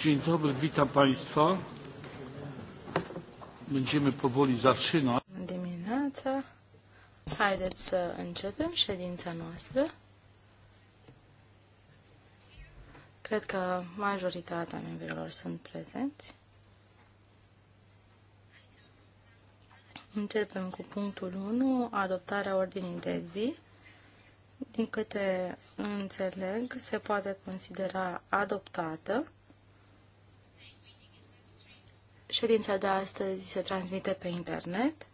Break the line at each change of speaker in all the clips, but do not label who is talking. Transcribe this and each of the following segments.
Dzień dobry, witam Państwa. Będziemy powoli zaczynać.
Dimineața. Haideți să începem ședința noastră. Cred că majoritatea membrilor sunt prezenți. Începem cu punctul 1, adoptarea ordinii de zi. Din câte înțeleg, se poate considera adoptată. Ședința de astăzi se transmite pe internet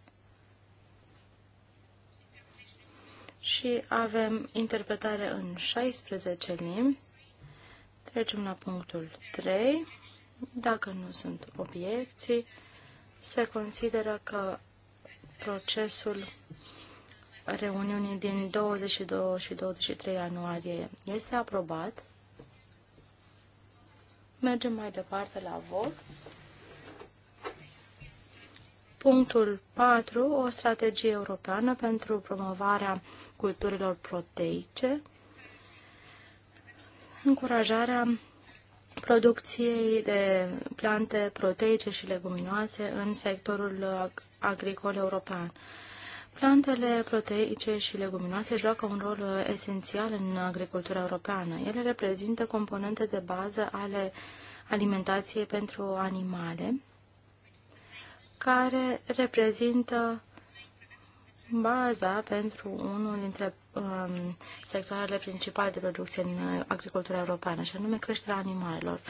și avem interpretare în 16 limbi. Trecem la punctul 3. Dacă nu sunt obiecții, se consideră că procesul reuniunii din 22 și 23 ianuarie este aprobat. Mergem mai departe la vot. Punctul 4. O strategie europeană pentru promovarea culturilor proteice, încurajarea producției de plante proteice și leguminoase în sectorul agricol european. Plantele proteice și leguminoase joacă un rol uh, esențial în agricultura europeană. Ele reprezintă componente de bază ale alimentației pentru animale, care reprezintă baza pentru unul dintre um, sectoarele principale de producție în uh, agricultura europeană, și anume creșterea animalelor. Uh,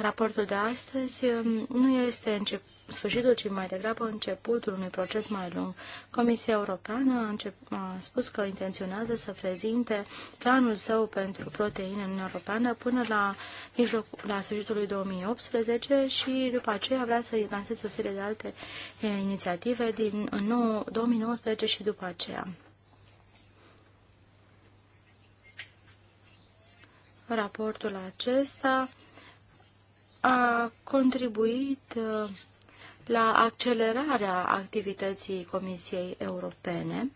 Raportul de astăzi um, nu este încep sfârșitul, ci mai degrabă începutul unui proces mai lung. Comisia Europeană a, încep, a spus că intenționează să prezinte planul său pentru proteine în Europeană până la, mijloc, la sfârșitul lui 2018 și după aceea vrea să lanseze o serie de alte e, eh, inițiative din nou, 2019 și după aceea. Raportul acesta a contribuit uh, la accelerarea activității Comisiei Europene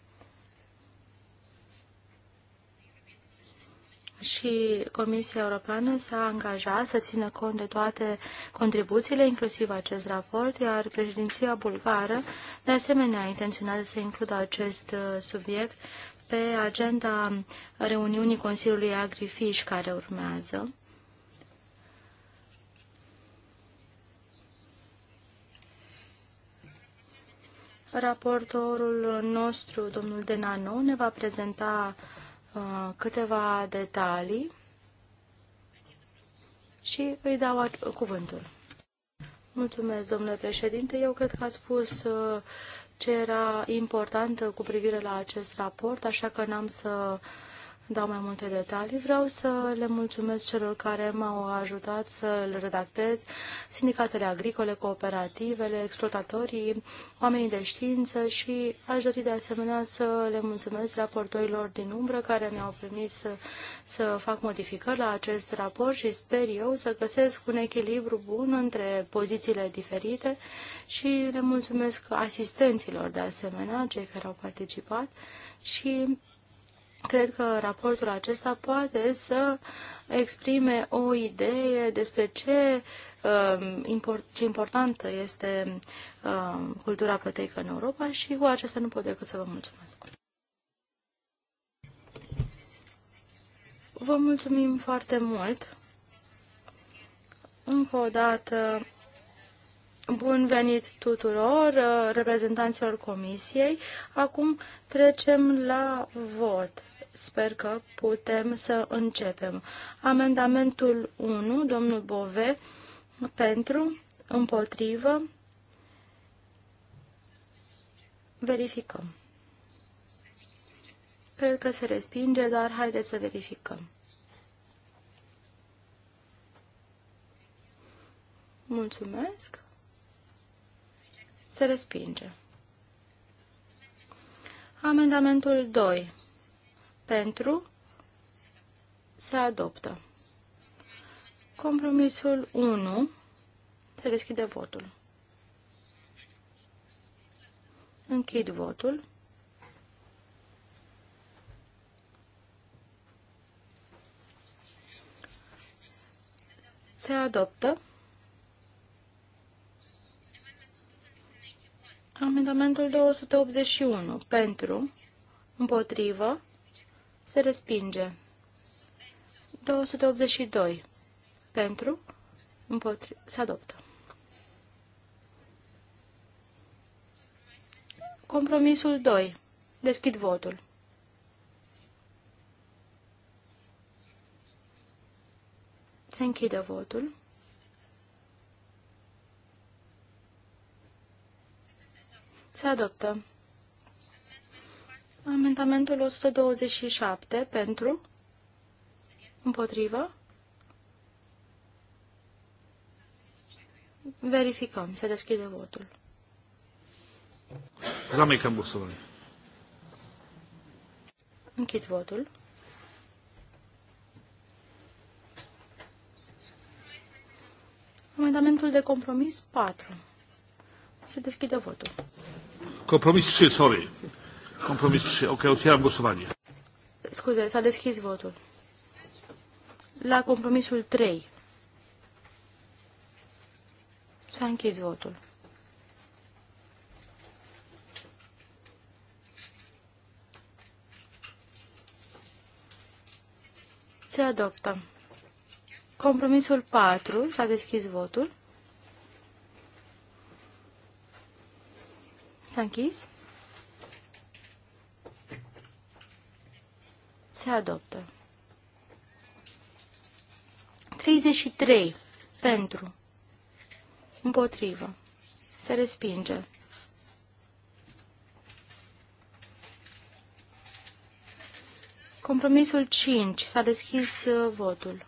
și Comisia Europeană s-a angajat să țină cont de toate contribuțiile, inclusiv acest raport, iar președinția bulgară, de asemenea, intenționează să includă acest uh, subiect pe agenda reuniunii Consiliului Agrifish care urmează. Raportorul nostru, domnul Denano, ne va prezenta uh, câteva detalii și îi dau cuvântul. Mulțumesc, domnule președinte. Eu cred că ați spus uh, ce era important cu privire la acest raport, așa că n-am să uh, dau mai multe detalii. Vreau să le mulțumesc celor care m-au ajutat să îl redactez, sindicatele agricole, cooperativele, exploatatorii, oamenii de știință și aș dori de asemenea să le mulțumesc raportorilor din umbră care mi-au permis să, să fac modificări la acest raport și sper eu să găsesc un echilibru bun între pozițiile diferite și le mulțumesc asistenților de asemenea, cei care au participat și Cred că raportul acesta poate să exprime o idee despre ce, um, ce importantă este um, cultura proteică în Europa și cu acesta nu pot decât să vă mulțumesc. Vă mulțumim foarte mult. Încă o dată, bun venit tuturor uh, reprezentanților comisiei. Acum trecem la vot sper că putem să începem. Amendamentul 1, domnul Bove, pentru, împotrivă, verificăm. Cred că se respinge, dar haideți să verificăm. Mulțumesc. Se respinge. Amendamentul 2 pentru, se adoptă. Compromisul 1, se deschide votul. Închid votul. Se adoptă. Amendamentul 281. Pentru, împotrivă, se respinge. 282. Pentru. Împotri se adoptă. Compromisul 2. Deschid votul. Se închide votul. Se adoptă. Amendamentul 127 pentru, împotrivă, verificăm, se deschide votul.
Zamecăm busolul.
Închid votul. Amendamentul de compromis 4. Se deschide votul.
Compromis 3, sorry. Compromis 3. Ok, otwieram głosowanie.
Scuze, s-a deschis votul. La compromisul 3. S-a închis votul. Se adoptă. Compromisul 4. S-a deschis votul. S-a închis. se adoptă. 33. Pentru. Împotrivă. Se respinge. 5. Compromisul 5. S-a deschis uh, votul.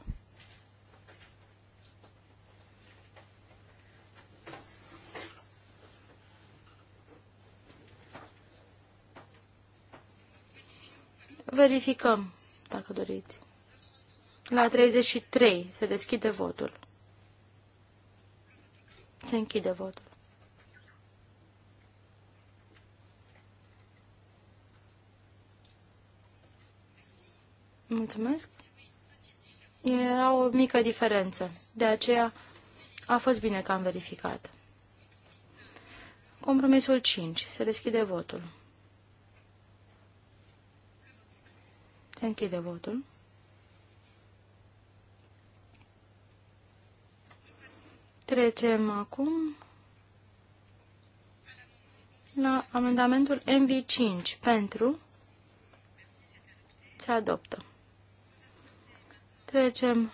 Verificăm, dacă doriți. La 33 se deschide votul. Se închide votul. Mulțumesc. Era o mică diferență. De aceea a fost bine că am verificat. Compromisul 5. Se deschide votul. Se închide votul. Trecem acum la amendamentul MV5 pentru se adoptă. Trecem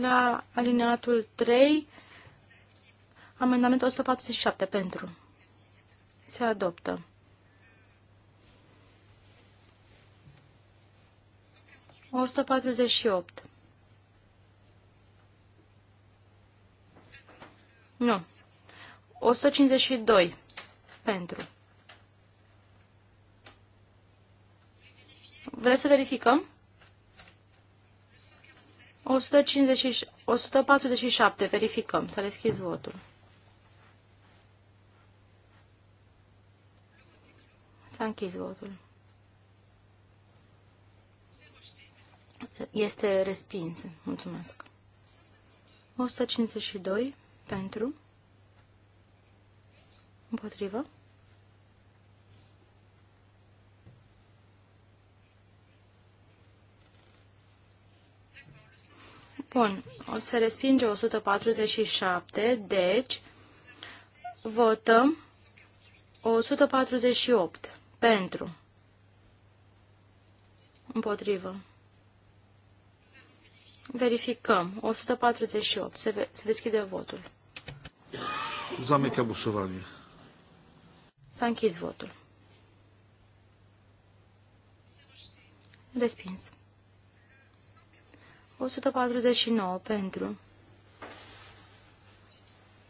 la alineatul 3, amendamentul 147 pentru se adoptă. 148. Nu. 152 pentru. Vreți să verificăm? 150, 147. Verificăm. S-a deschis votul. S-a închis votul. este respinsă. Mulțumesc. 152 pentru împotrivă. Bun, o să respinge 147, deci votăm 148 pentru împotrivă. Verificăm. 148. Se, ve se deschide votul.
Zamyka głosowanie.
S-a închis votul. Respins. 149 pentru.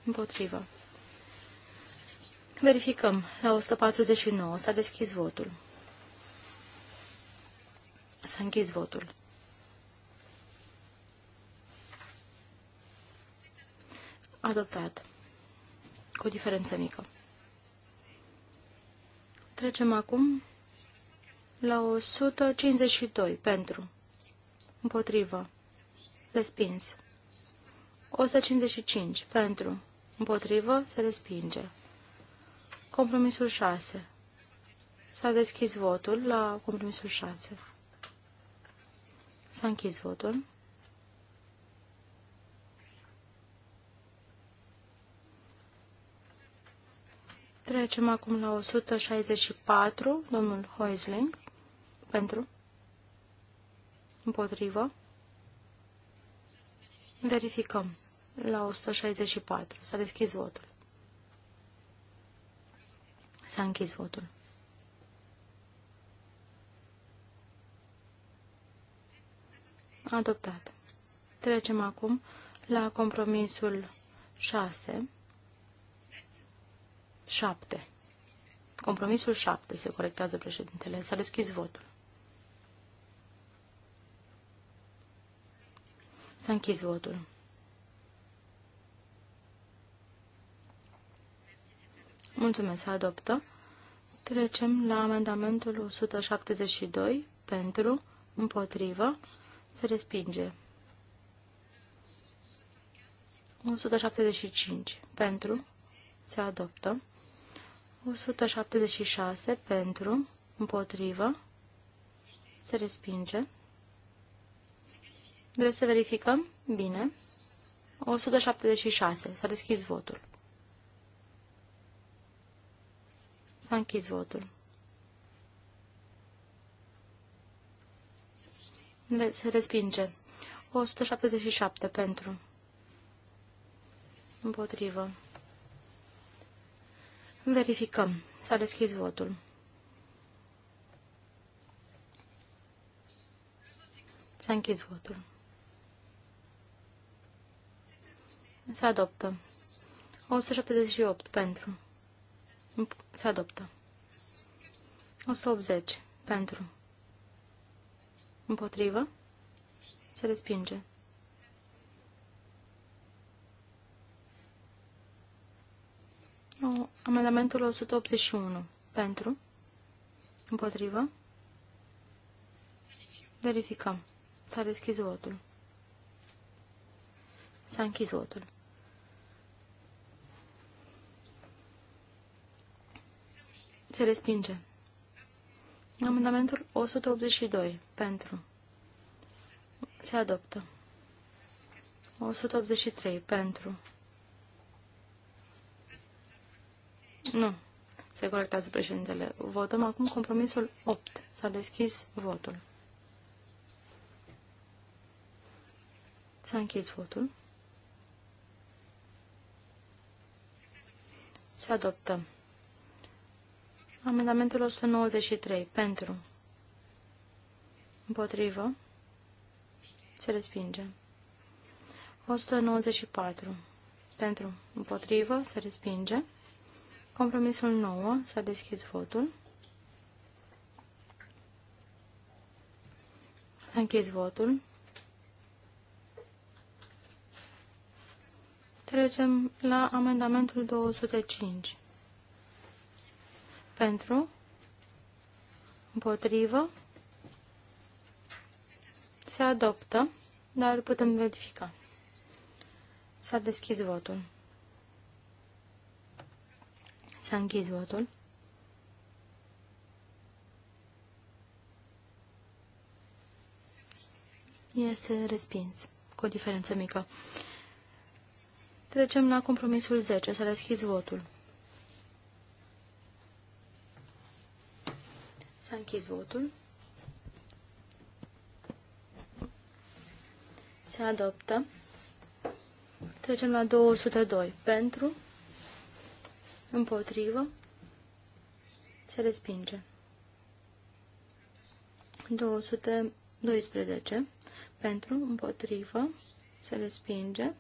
Împotrivă. Verificăm. La 149 s-a deschis votul. S-a închis votul. Adoptat. Cu o diferență mică. Trecem acum la 152 pentru. Împotrivă. Respins. 155 pentru. Împotrivă se respinge. Compromisul 6. S-a deschis votul la compromisul 6. S-a închis votul. Trecem acum la 164, domnul Heusling, pentru, împotrivă. Verificăm. La 164 s-a deschis votul. S-a închis votul. Adoptat. Trecem acum la compromisul 6 7. Compromisul 7 se corectează președintele. S-a deschis votul. S-a închis votul. Mulțumesc, adoptă. Trecem la amendamentul 172 pentru, împotrivă, se respinge. 175 pentru, se adoptă. 176 pentru, împotrivă, se respinge. Vreți să verificăm? Bine. 176. S-a deschis votul. S-a închis votul. Se respinge. 177 pentru. Împotrivă. Verificăm. S-a deschis votul. S-a închis votul. Se adoptă. 178 pentru. Se adoptă. 180 pentru. Împotrivă. Se respinge. amendamentul 181. Pentru. Împotrivă. Verificăm. S-a deschis votul. S-a închis votul. Se respinge. Amendamentul 182. Pentru. Se adoptă. 183. Pentru. Nu. Se corectează președintele. Votăm acum compromisul 8. S-a deschis votul. S-a închis votul. Se adoptă. Amendamentul 193. Pentru. Împotrivă. Se respinge. 194. Pentru. Împotrivă. Se respinge. Compromisul 9. S-a deschis votul. S-a închis votul. Trecem la amendamentul 205. Pentru, împotrivă, se adoptă, dar putem verifica. S-a deschis votul. Să închizi votul. Este respins, cu o diferență mică. Trecem la compromisul 10. să deschizi votul. S-a închis votul. Se adoptă. Trecem la 202. Pentru, împotrivă, se respinge. 212 pentru, împotrivă, se respinge.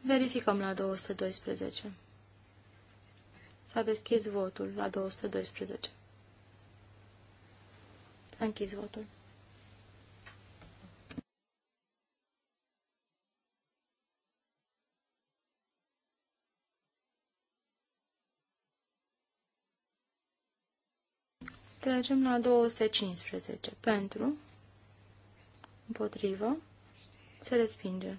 Verificăm la 212. S-a deschis votul la 212. S-a închis votul. Trecem la 215. Pentru, împotrivă, se respinge.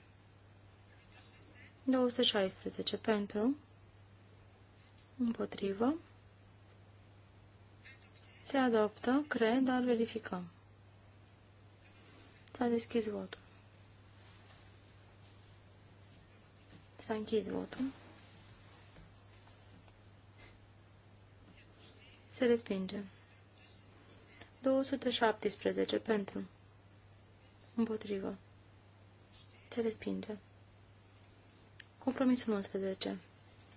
216. Pentru, împotrivă, se adoptă, cred, dar verificăm. S-a deschis votul. S-a închis votul. Se respinge. 217 pentru. Împotrivă. Se respinge. Compromisul 11.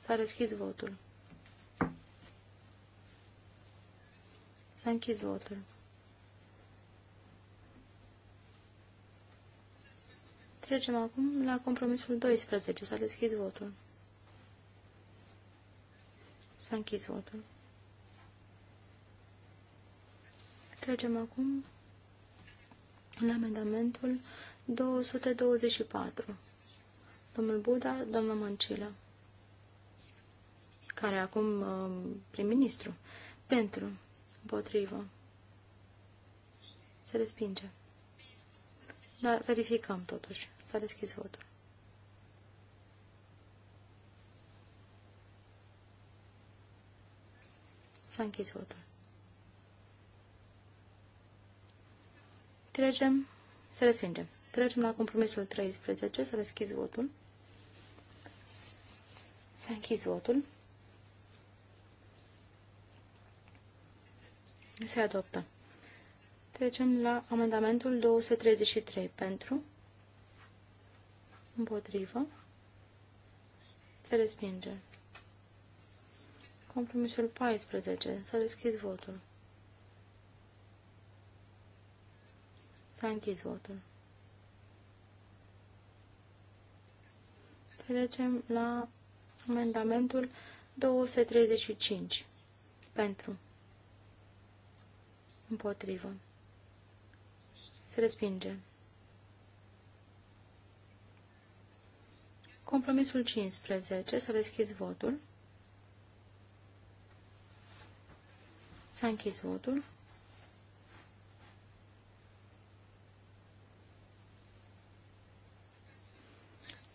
S-a deschis votul. S-a închis votul. Trecem acum la compromisul 12. S-a deschis votul. S-a închis votul. Trecem acum la amendamentul 224. Domnul Buda, doamna Mancilă, care acum um, prim-ministru, pentru, împotrivă, se respinge. Dar verificăm totuși. S-a deschis votul. S-a închis votul. Trecem, să respingem. Trecem la compromisul 13, să deschizi votul. Să închizi votul. Se adoptă. Trecem la amendamentul 233 pentru, împotrivă, se respinge. Compromisul 14. Să deschizi votul. S-a închis votul. Trecem la amendamentul 235. Pentru. Împotrivă. Se respinge. Compromisul 15. Să deschizi votul. S-a închis votul.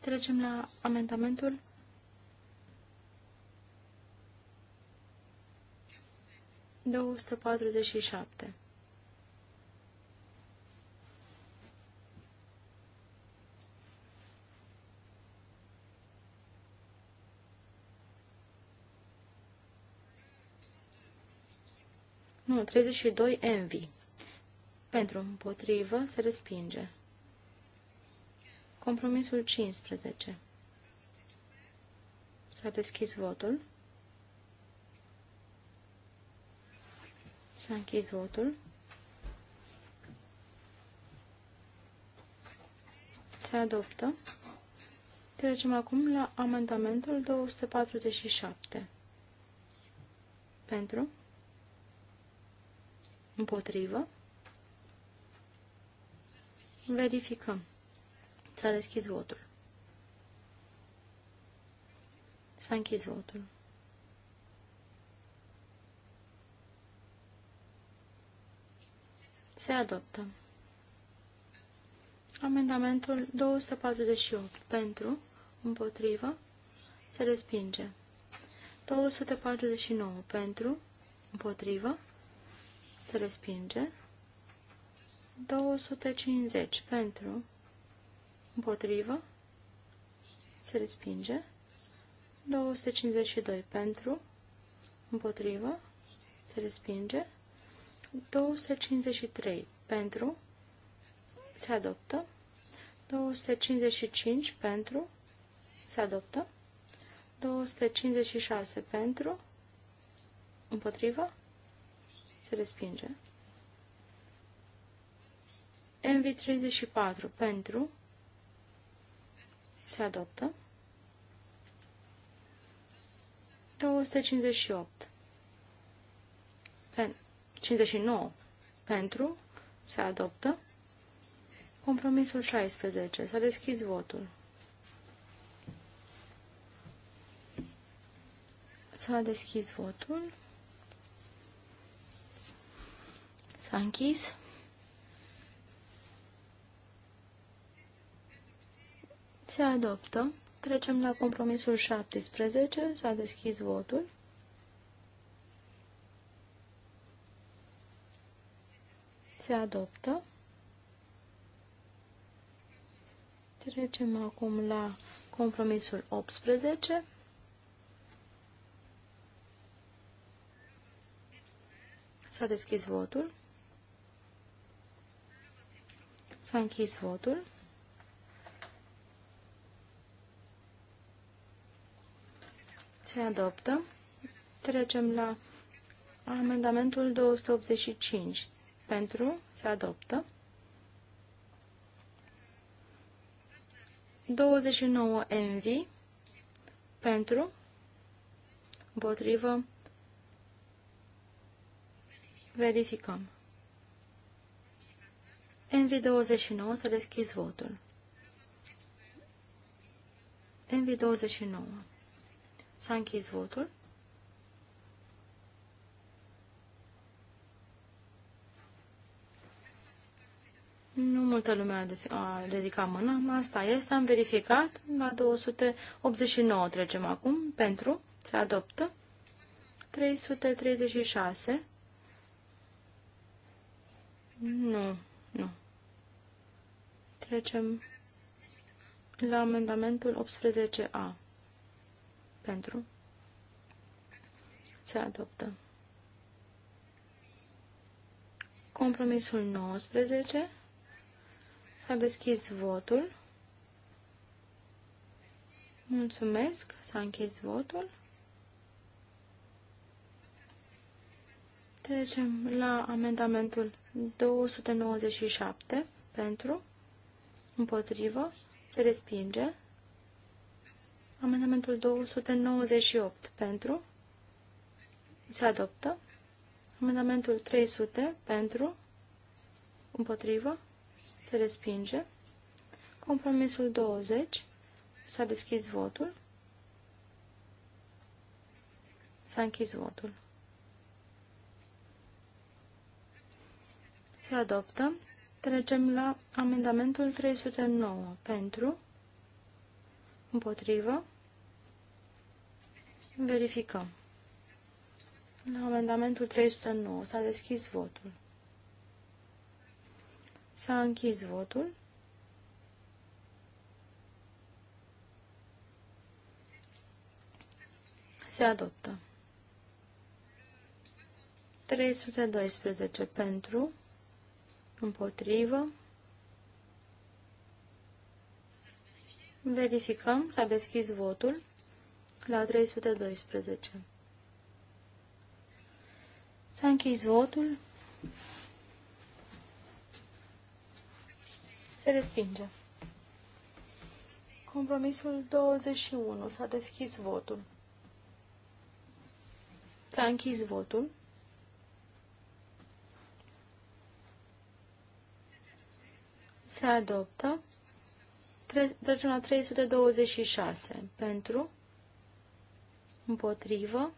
Trecem la amendamentul două patruzeci și șapte. Nu, treizeci doi envy. Pentru împotrivă se respinge. Compromisul 15. S-a deschis votul. S-a închis votul. Se adoptă. Trecem acum la amendamentul 247. Pentru. Împotrivă. Verificăm. S-a deschis votul. S-a închis votul. Se adoptă. Amendamentul 248. Pentru, împotrivă, se respinge. 249. Pentru, împotrivă, se respinge. 250. Pentru, împotrivă, se respinge. 252 pentru, împotrivă, se respinge. 253 pentru, se adoptă. 255 pentru, se adoptă. 256 pentru, împotrivă, se respinge. MV34 pentru, se adoptă. 258. Pen 59. Pentru. Se adoptă. Compromisul 16. S-a deschis votul. S-a deschis votul. S-a închis. Se adoptă. Trecem la compromisul 17. S-a deschis votul. Se adoptă. Trecem acum la compromisul 18. S-a deschis votul. S-a închis votul. se adoptă. Trecem la amendamentul 285. Pentru se adoptă. 29 MV pentru împotrivă verificăm. MV 29 să deschizi votul. MV 29 S-a închis votul. Nu multă lume a ridicat mâna. Asta este. Am verificat. La 289 trecem acum. Pentru. Se adoptă. 336. Nu. Nu. Trecem la amendamentul 18A pentru, se adoptă. Compromisul 19, s-a deschis votul. Mulțumesc, s-a închis votul. Trecem la amendamentul 297 pentru, împotrivă, se respinge. Amendamentul 298 pentru. Se adoptă. Amendamentul 300 pentru. Împotrivă. Se respinge. Compromisul 20. S-a deschis votul. S-a închis votul. Se adoptă. Trecem la amendamentul 309. Pentru. Împotrivă. Verificăm. La amendamentul 309 s-a deschis votul. S-a închis votul. Se adoptă. 312 pentru, împotrivă. Verificăm, s-a deschis votul la 312. S-a închis votul. Se respinge. Compromisul 21. S-a deschis votul. S-a închis votul. Se adoptă. Trecem la 326. Pentru împotrivă.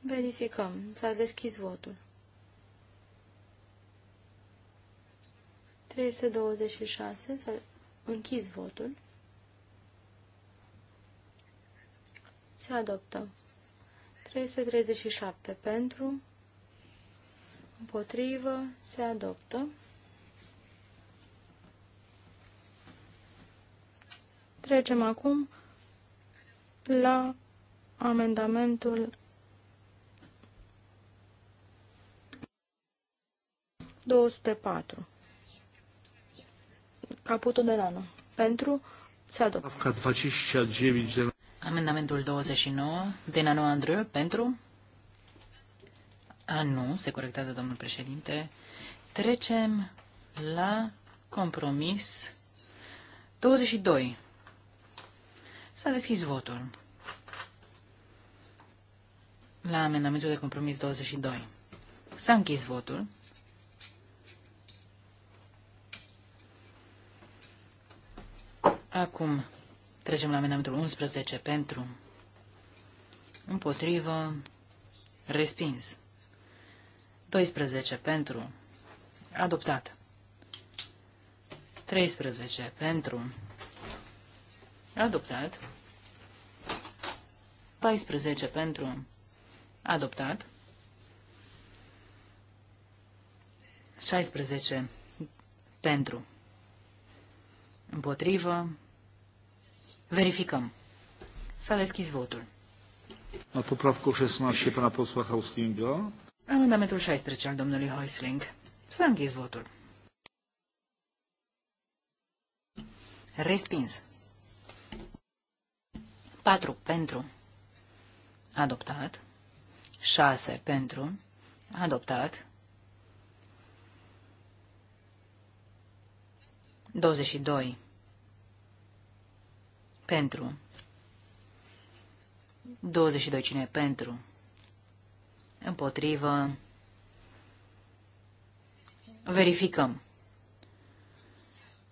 Verificăm. S-a deschis votul. 326. S-a închis votul. Se adoptă. 337 pentru, împotrivă, se adoptă. Trecem acum la amendamentul Caputul de la Pentru se adoptă. Amendamentul
29 de Nano Andrei. pentru a nu, se corectează domnul președinte. Trecem la compromis 22. S-a deschis votul. La amendamentul de compromis 22. S-a închis votul. Acum trecem la amendamentul 11 pentru împotrivă respins. 12 pentru adoptat. 13 pentru Adoptat. 14 pentru. Adoptat. 16 pentru. Împotrivă. Verificăm. S-a deschis votul.
La poprawkę 16 pana posła Hauslinga.
Amendamentul 16 al domnului Heusling. S-a închis votul. Respins. 4 pentru, adoptat. 6 pentru, adoptat. 22 pentru. 22 cine pentru. Împotrivă. Verificăm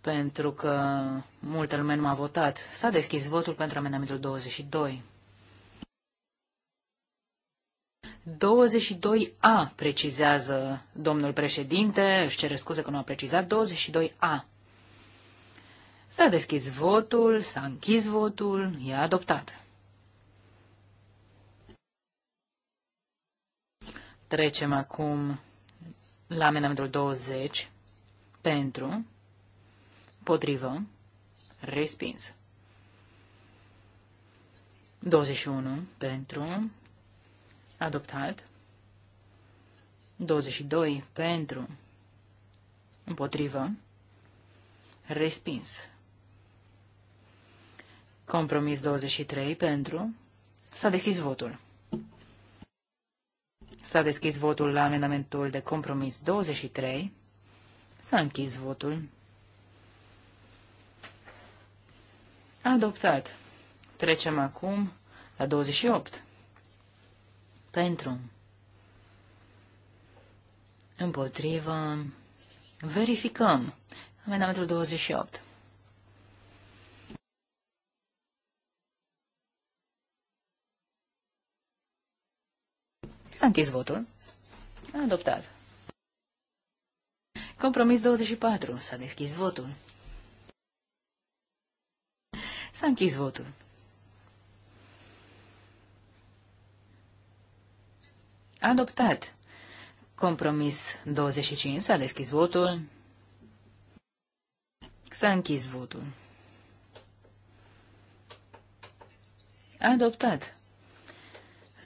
pentru că multă lume nu a votat. S-a deschis votul pentru amendamentul 22. 22A, precizează domnul președinte, își cere scuze că nu a precizat, 22A. S-a deschis votul, s-a închis votul, e adoptat. Trecem acum la amendamentul 20 pentru Potrivă. Respins. 21 pentru. Adoptat. 22 pentru. Împotrivă. Respins. Compromis 23 pentru. S-a deschis votul. S-a deschis votul la amendamentul de compromis 23. S-a închis votul. Adoptat. Trecem acum la 28. Pentru. Împotrivă. Verificăm. Amendamentul 28. S-a închis votul. Adoptat. Compromis 24. S-a deschis votul. S-a închis votul. Adoptat. Compromis 25. S-a deschis votul. S-a închis votul. Adoptat.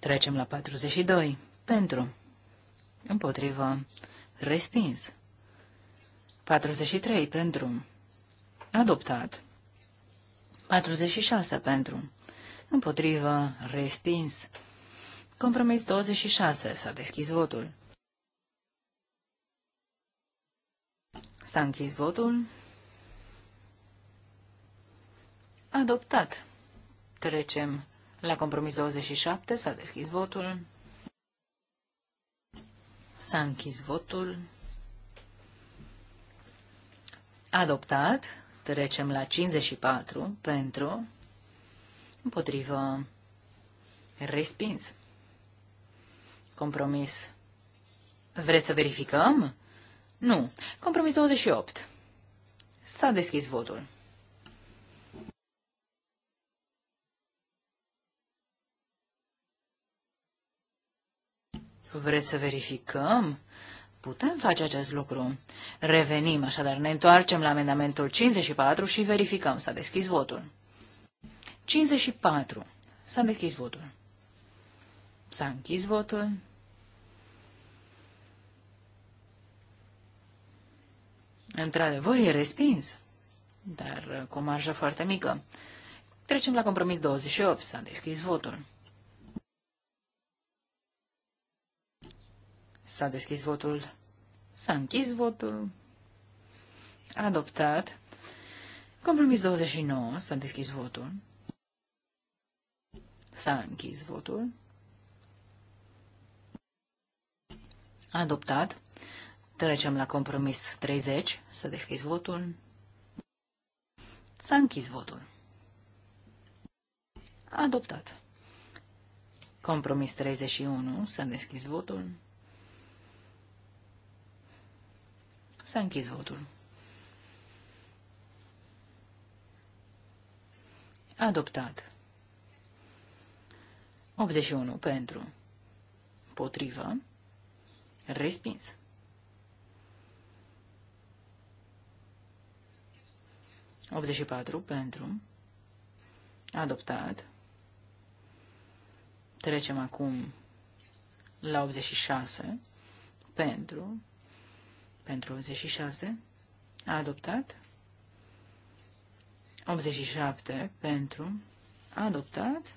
Trecem la 42. Pentru. Împotrivă. Respins. 43. Pentru. Adoptat. 46 pentru. Împotrivă, respins. Compromis 26. S-a deschis votul. S-a închis votul. Adoptat. Trecem la compromis 27. S-a deschis votul. S-a închis votul. Adoptat. Trecem la 54 pentru, împotrivă, respins. Compromis. Vreți să verificăm? Nu. Compromis 28. S-a deschis votul. Vreți să verificăm? Putem face acest lucru. Revenim, așadar ne întoarcem la amendamentul 54 și verificăm. S-a deschis votul. 54. S-a deschis votul. S-a închis votul. Într-adevăr, e respins, dar cu o marjă foarte mică. Trecem la compromis 28. S-a deschis votul. S-a deschis votul. S-a închis votul. Adoptat. Compromis 29. S-a deschis votul. S-a închis votul. Adoptat. Trecem la compromis 30. Să deschis votul. S-a închis votul. Adoptat. Compromis 31. S-a deschis votul. S-a închis votul. Adoptat. 81 pentru. Potrivă. Respins. 84 pentru. Adoptat. Trecem acum la 86 pentru pentru 86, a adoptat. 87 pentru, a adoptat.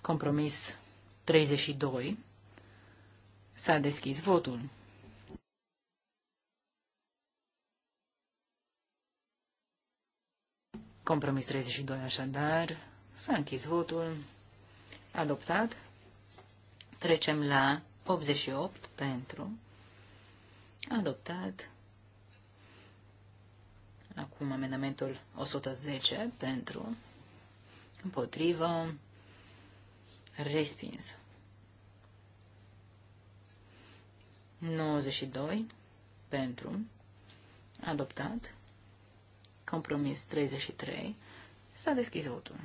Compromis 32, s-a deschis votul. Compromis 32 așadar, s-a închis votul, adoptat. Trecem la 88 pentru, adoptat. Acum amendamentul 110 pentru, împotrivă, respins. 92 pentru, adoptat. Compromis 33, s-a deschis votul.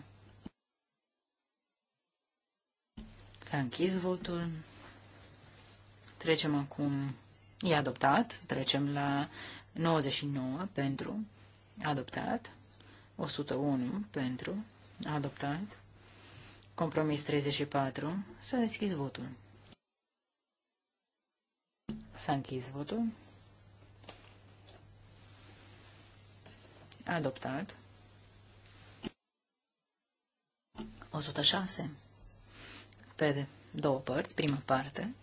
S-a închis votul. Trecem acum, e adoptat, trecem la 99 pentru, adoptat, 101 pentru, adoptat, compromis 34, s-a deschis votul. S-a închis votul. Adoptat. 106. Pe două părți, prima parte.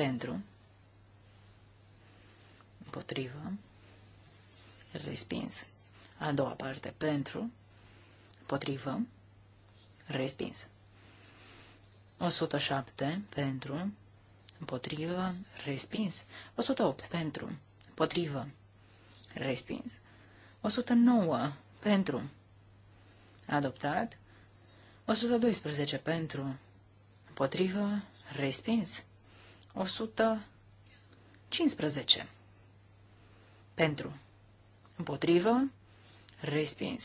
Pentru. Împotrivă. Respins. A doua parte. Pentru. Împotrivă. Respins. 107. Pentru. Împotrivă. Respins. 108. Pentru. Împotrivă. Respins. 109. Pentru. Adoptat. 112. Pentru. Împotrivă. Respins. 115. Pentru. Împotrivă. Respins.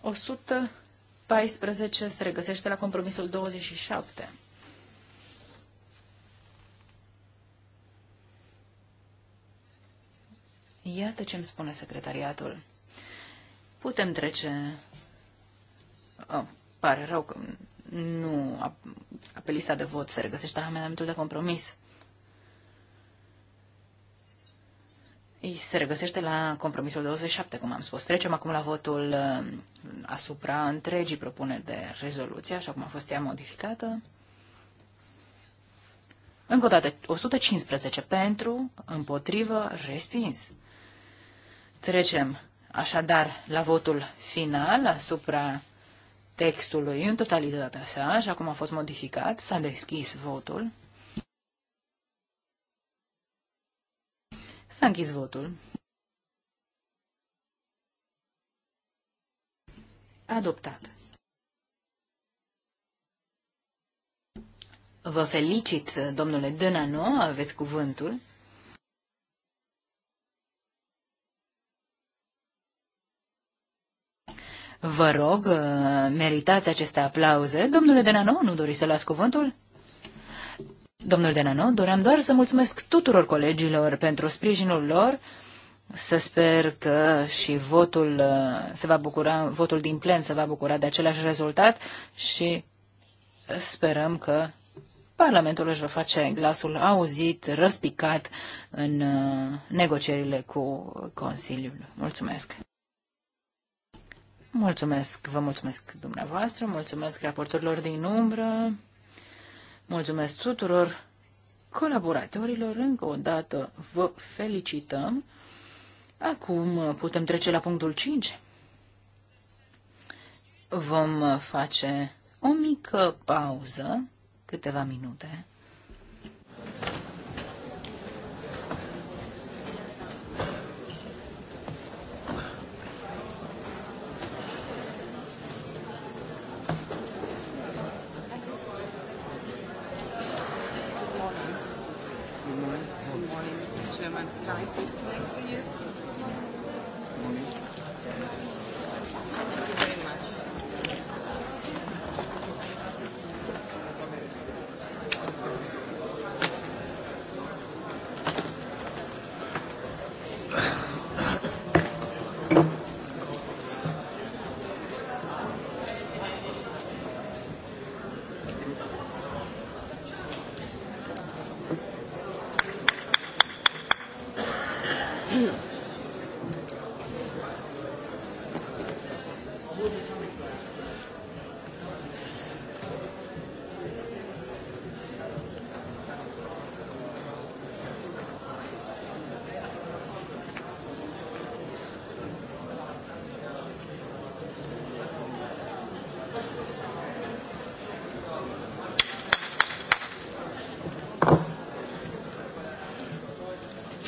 O 114 se regăsește la compromisul 27. Iată ce îmi spune secretariatul. Putem trece Oh, pare rău că nu pe lista de vot se regăsește amendamentul de compromis. Se regăsește la compromisul 27, cum am spus. Trecem acum la votul um, asupra întregii propuneri de rezoluție, așa cum a fost ea modificată. Încă o dată, 115 pentru, împotrivă, respins. Trecem așadar la votul final asupra textului în totalitatea sa, așa cum a fost modificat, s-a deschis votul. S-a închis votul. Adoptat. Vă felicit, domnule Dânano, aveți cuvântul. Vă rog, uh, meritați aceste aplauze. Domnule Denano, nu doriți să luați cuvântul? Domnul Denano, doream doar să mulțumesc tuturor colegilor pentru sprijinul lor. Să sper că și votul uh, se va bucura, votul din plen se va bucura de același rezultat și sperăm că Parlamentul își va face glasul auzit, răspicat în uh, negocierile cu Consiliul. Mulțumesc! Mulțumesc, vă mulțumesc dumneavoastră, mulțumesc raportorilor din umbră, mulțumesc tuturor colaboratorilor, încă o dată vă felicităm. Acum putem trece la punctul 5. Vom face o mică pauză, câteva minute.
nice Thanks.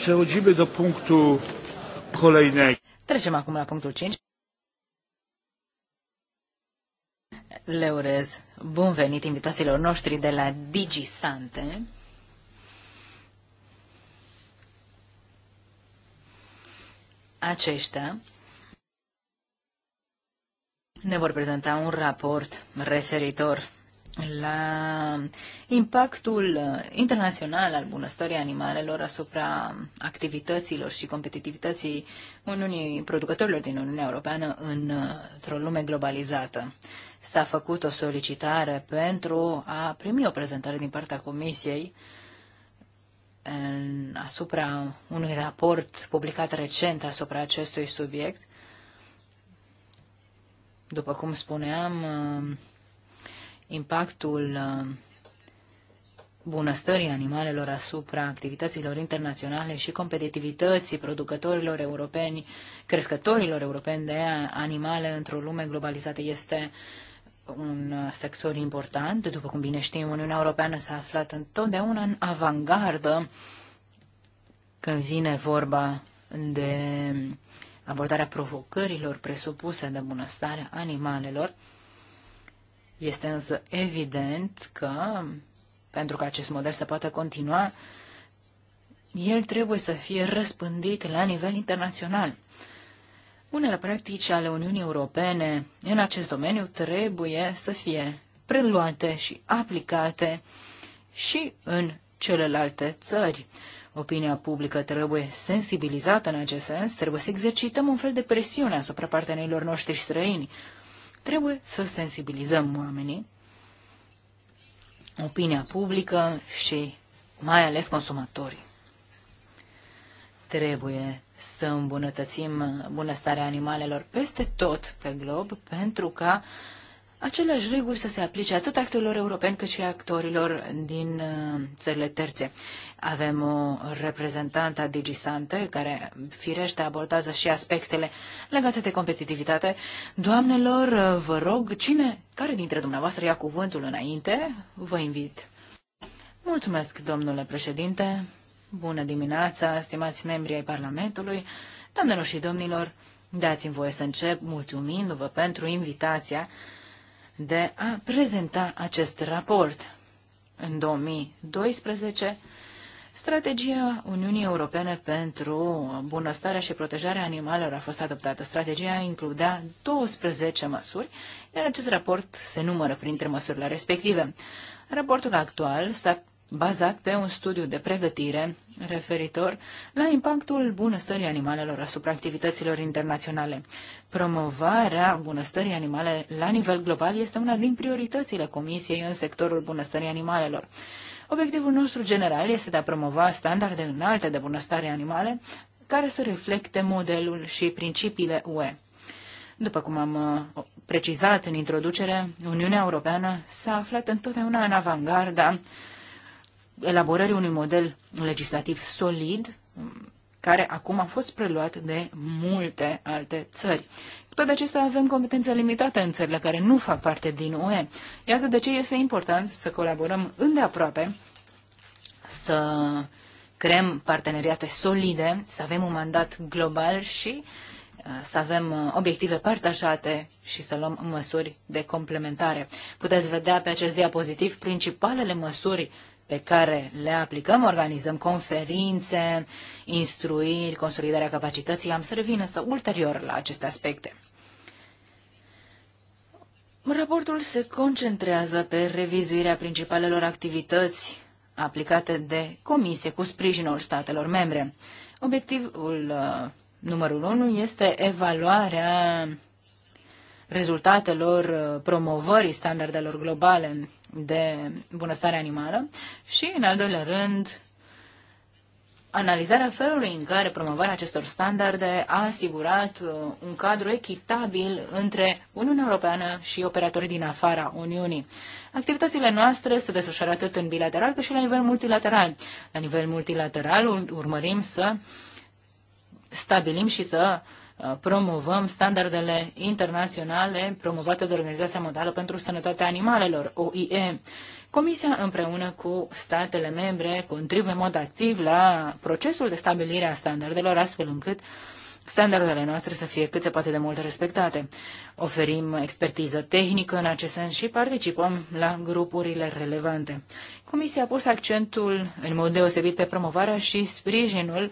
Przechodzimy do punktu kolejnego.
Trecem acum la punctul 5. Le urez bun venit invitațiilor noștri de la DigiSante. Aceștia ne vor prezenta un raport referitor la impactul internațional al bunăstării animalelor asupra activităților și competitivității Uniunii producătorilor din Uniunea Europeană într-o lume globalizată. S-a făcut o solicitare pentru a primi o prezentare din partea Comisiei în, asupra unui raport publicat recent asupra acestui subiect. După cum spuneam, impactul uh, bunăstării animalelor asupra activităților internaționale și competitivității producătorilor europeni, crescătorilor europeni de animale într-o lume globalizată este un uh, sector important. După cum bine știm, Uniunea Europeană s-a aflat întotdeauna în avangardă când vine vorba de abordarea provocărilor presupuse de bunăstarea animalelor este însă evident că, pentru că acest model să poată continua, el trebuie să fie răspândit la nivel internațional. Unele practici ale Uniunii Europene în acest domeniu trebuie să fie preluate și aplicate și în celelalte țări. Opinia publică trebuie sensibilizată în acest sens, trebuie să exercităm un fel de presiune asupra partenerilor noștri străini. Trebuie să sensibilizăm oamenii, opinia publică și mai ales consumatorii. Trebuie să îmbunătățim bunăstarea animalelor peste tot pe glob pentru ca uh, aceleași reguli să se aplice atât actorilor europeni cât și actorilor din uh, țările terțe. Avem o reprezentantă a Digisante care firește abordează și aspectele legate de competitivitate. Doamnelor, uh, vă rog, cine, care dintre dumneavoastră ia cuvântul înainte, vă invit. Mulțumesc, domnule președinte. Bună dimineața, stimați membri ai Parlamentului, doamnelor și domnilor. Dați-mi voie să încep mulțumindu-vă pentru invitația de a prezenta acest raport. În 2012, Strategia Uniunii Europene pentru bunăstarea și protejarea animalelor a fost adoptată. Strategia includea 12 măsuri, iar acest raport se numără printre măsurile respective. Raportul actual s-a bazat pe un studiu de pregătire referitor la impactul bunăstării animalelor asupra activităților internaționale. Promovarea bunăstării animale la nivel global este una din prioritățile Comisiei în sectorul bunăstării animalelor. Obiectivul nostru general este de a promova standarde înalte de bunăstare animale care să reflecte modelul și principiile UE. După cum am uh, precizat în introducere, Uniunea Europeană s-a aflat întotdeauna în avangarda elaborării unui model legislativ solid, care acum a fost preluat de multe alte țări. Cu toate acestea avem competențe limitate în țările care nu fac parte din UE. Iată de ce este important să colaborăm îndeaproape, să creăm parteneriate solide, să avem un mandat global și uh, să avem uh, obiective partajate și să luăm măsuri de complementare. Puteți vedea pe acest diapozitiv principalele măsuri pe care le aplicăm, organizăm conferințe, instruiri, consolidarea capacității. Am să revin însă ulterior la aceste aspecte. Raportul se concentrează pe revizuirea principalelor activități aplicate de comisie cu sprijinul statelor membre. Obiectivul uh, numărul 1 este evaluarea rezultatelor uh, promovării standardelor globale de bunăstare animală și, în al doilea rând, analizarea felului în care promovarea acestor standarde a asigurat uh, un cadru echitabil între Uniunea Europeană și operatorii din afara Uniunii. Activitățile noastre se desfășoară atât în bilateral cât și la nivel multilateral. La nivel multilateral urmărim să stabilim și să uh, Uh, promovăm standardele internaționale promovate de Organizația Mondială pentru Sănătatea Animalelor, OIE. Comisia împreună cu statele membre contribuie în mod activ la procesul de stabilire a standardelor, astfel încât standardele noastre să fie cât se poate de mult respectate. Oferim expertiză tehnică în acest sens și participăm la grupurile relevante. Comisia a pus accentul în mod deosebit pe promovarea și sprijinul uh,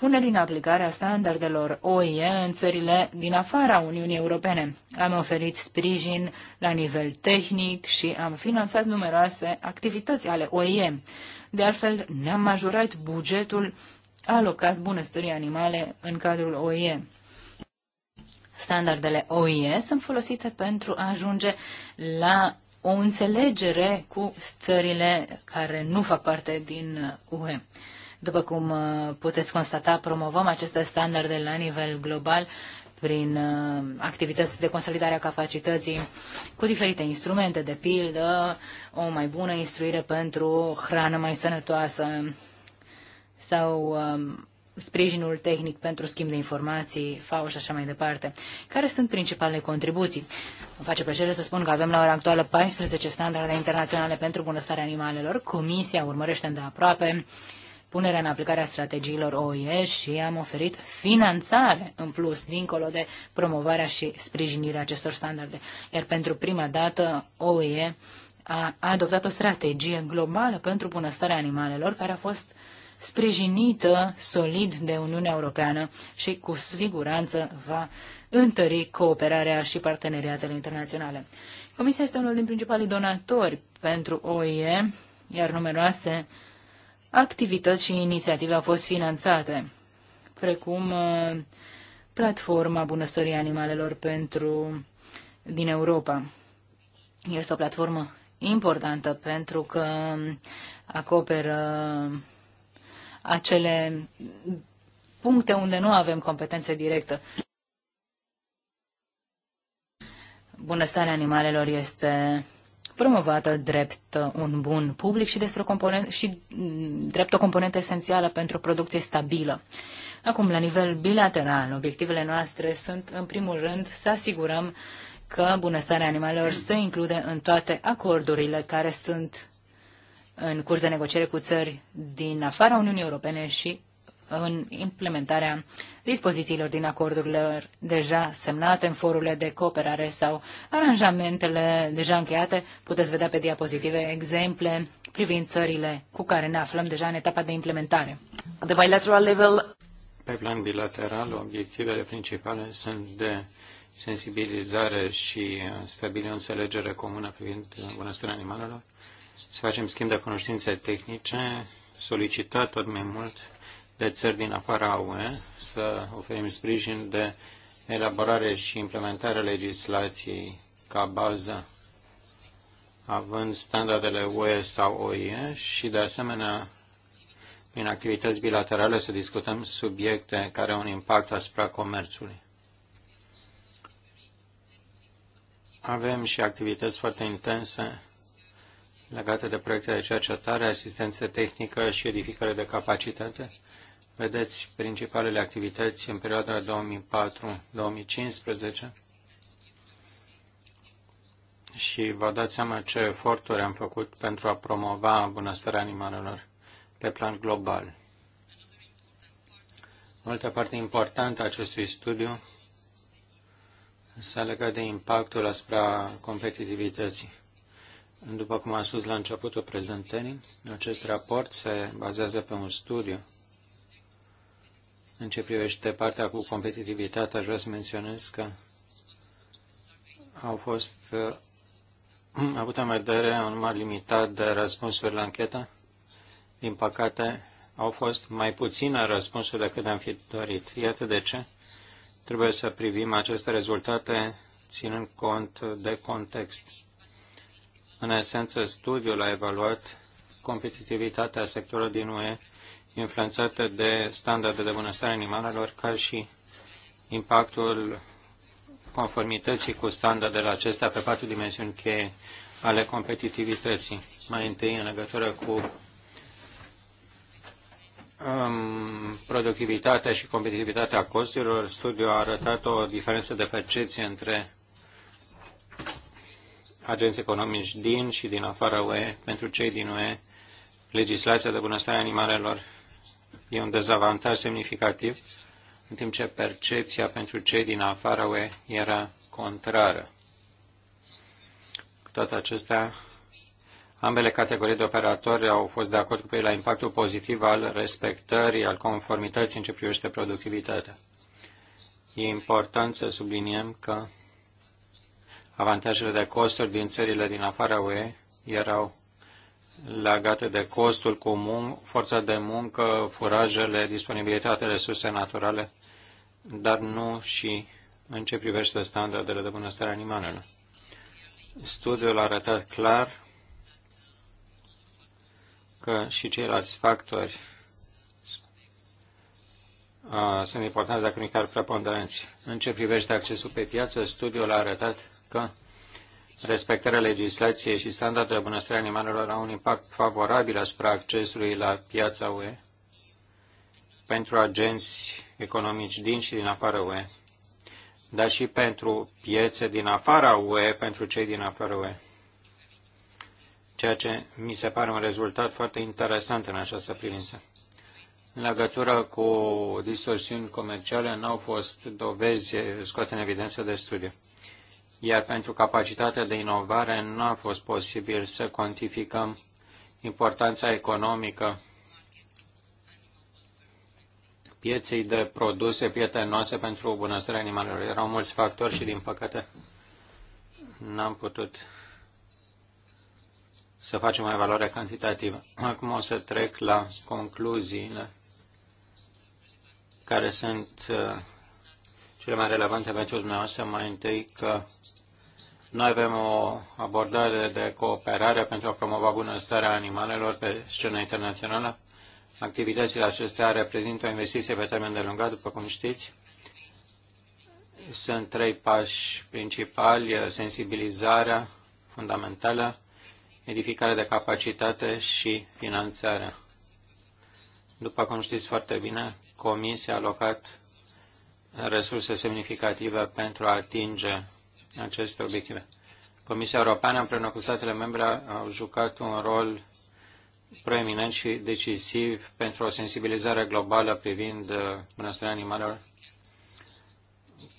punerii în aplicare a standardelor OIE în țările din afara Uniunii Europene. Am oferit sprijin la nivel tehnic și am finanțat numeroase activități ale OIE. De altfel, ne-am majorat bugetul alocat bunăstării animale în cadrul OIE. Standardele OIE sunt folosite pentru a ajunge la o înțelegere cu țările care nu fac parte din UE. După cum uh, puteți constata, promovăm aceste standarde la nivel global prin uh, activități de consolidare a capacității cu diferite instrumente, de pildă, o mai bună instruire pentru o hrană mai sănătoasă sau um, sprijinul tehnic pentru schimb de informații, FAO și așa mai departe. Care sunt principalele contribuții? Îmi face plăcere să spun că avem la ora actuală 14 standarde internaționale pentru bunăstarea animalelor. Comisia urmărește îndeaproape aproape punerea în aplicare a strategiilor OIE și am oferit finanțare în plus, dincolo de promovarea și sprijinirea acestor standarde. Iar pentru prima dată OIE a adoptat o strategie globală pentru bunăstarea animalelor, care a fost sprijinită solid de Uniunea Europeană și cu siguranță va întări cooperarea și parteneriatele internaționale. Comisia este unul din principalii donatori pentru OIE, iar numeroase activități și inițiative au fost finanțate, precum uh, platforma bunăstării animalelor pentru din Europa. Este o platformă importantă pentru că acoperă acele puncte unde nu avem competențe directă. Bunăstarea animalelor este promovată drept uh, un bun public și, despre component, și mm, drept o componentă esențială pentru o producție stabilă. Acum, la nivel bilateral, obiectivele noastre sunt, în primul rând, să asigurăm că bunăstarea animalelor se include în toate acordurile care sunt în curs de negociere cu țări din afara Uniunii Europene și în implementarea dispozițiilor din acordurile deja semnate în forurile de cooperare sau aranjamentele deja încheiate. Puteți vedea pe diapozitive exemple privind țările cu care ne aflăm deja în etapa de implementare.
The bilateral level... Pe plan bilateral, obiectivele principale sunt de sensibilizare și stabili o înțelegere comună privind bunăstarea animalelor, să facem schimb de cunoștințe tehnice, solicitat tot mai mult de țări din afara UE, să oferim sprijin de elaborare și implementare a legislației ca bază, având standardele UE sau OIE și, de asemenea, prin activități bilaterale să discutăm subiecte care au un impact asupra comerțului. Avem și activități foarte intense legate de proiecte de cercetare, asistență tehnică și edificare de capacitate vedeți principalele activități în perioada 2004-2015 și vă dați seama ce eforturi am făcut pentru a promova bunăstarea animalelor pe plan global. O altă parte importantă a acestui studiu s-a legat de impactul asupra competitivității. După cum am spus la începutul prezentării, acest raport se bazează pe un studiu în ce privește partea cu competitivitatea, aș vrea să menționez că au fost uh, avut în vedere un număr limitat de răspunsuri la închetă. Din păcate, au fost mai puține răspunsuri decât am fi dorit. Iată de ce trebuie să privim aceste rezultate ținând cont de context. În esență, studiul a evaluat competitivitatea sectorului din UE influențată de standarde de bunăstare animalelor, ca și impactul conformității cu standardele acestea pe patru dimensiuni cheie ale competitivității. Mai întâi, în legătură cu um, productivitatea și competitivitatea costurilor, studiul a arătat o diferență de percepție între agenți economici din și din afara UE. Pentru cei din UE, legislația de bunăstare animalelor e un dezavantaj semnificativ, în timp ce percepția pentru cei din afara UE era contrară. Cu toate acestea, ambele categorii de operatori au fost de acord cu la impactul pozitiv al respectării, al conformității în ce privește productivitatea. E important să subliniem că avantajele de costuri din țările din afara UE erau legate de costul cu mun- forța de muncă, furajele, disponibilitatea resurse naturale, dar nu și în ce privește standardele de bunăstare animalelor. Studiul a arătat clar că și ceilalți factori sunt importanți, dacă nu chiar preponderanți. În ce privește accesul pe piață, studiul a arătat că respectarea legislației și standardele bunăstării animalelor au un impact favorabil asupra accesului la piața UE pentru agenți economici din și din afara UE, dar și pentru piețe din afara UE, pentru cei din afara UE. Ceea ce mi se pare un rezultat foarte interesant în această privință. În legătură cu distorsiuni comerciale, n-au fost dovezi scoate în evidență de studiu iar pentru capacitatea de inovare nu a fost posibil să cuantificăm importanța economică pieței de produse prietenoase pentru bunăstarea animalelor. Erau mulți factori și, din păcate, n-am putut să facem o valoare cantitativă. Acum o să trec la concluziile care sunt uh, cele mai relevante pentru dumneavoastră, mai întâi că noi avem o abordare de cooperare pentru a promova bunăstarea animalelor pe scena internațională. Activitățile acestea reprezintă o investiție pe termen de lungat, după cum știți. Sunt trei pași principali, sensibilizarea fundamentală, edificarea de capacitate și finanțarea. După cum știți foarte bine, Comisia a alocat resurse semnificative pentru a atinge aceste obiective. Comisia Europeană împreună cu statele membre au jucat un rol proeminent și decisiv pentru o sensibilizare globală privind bunăstarea uh, animalelor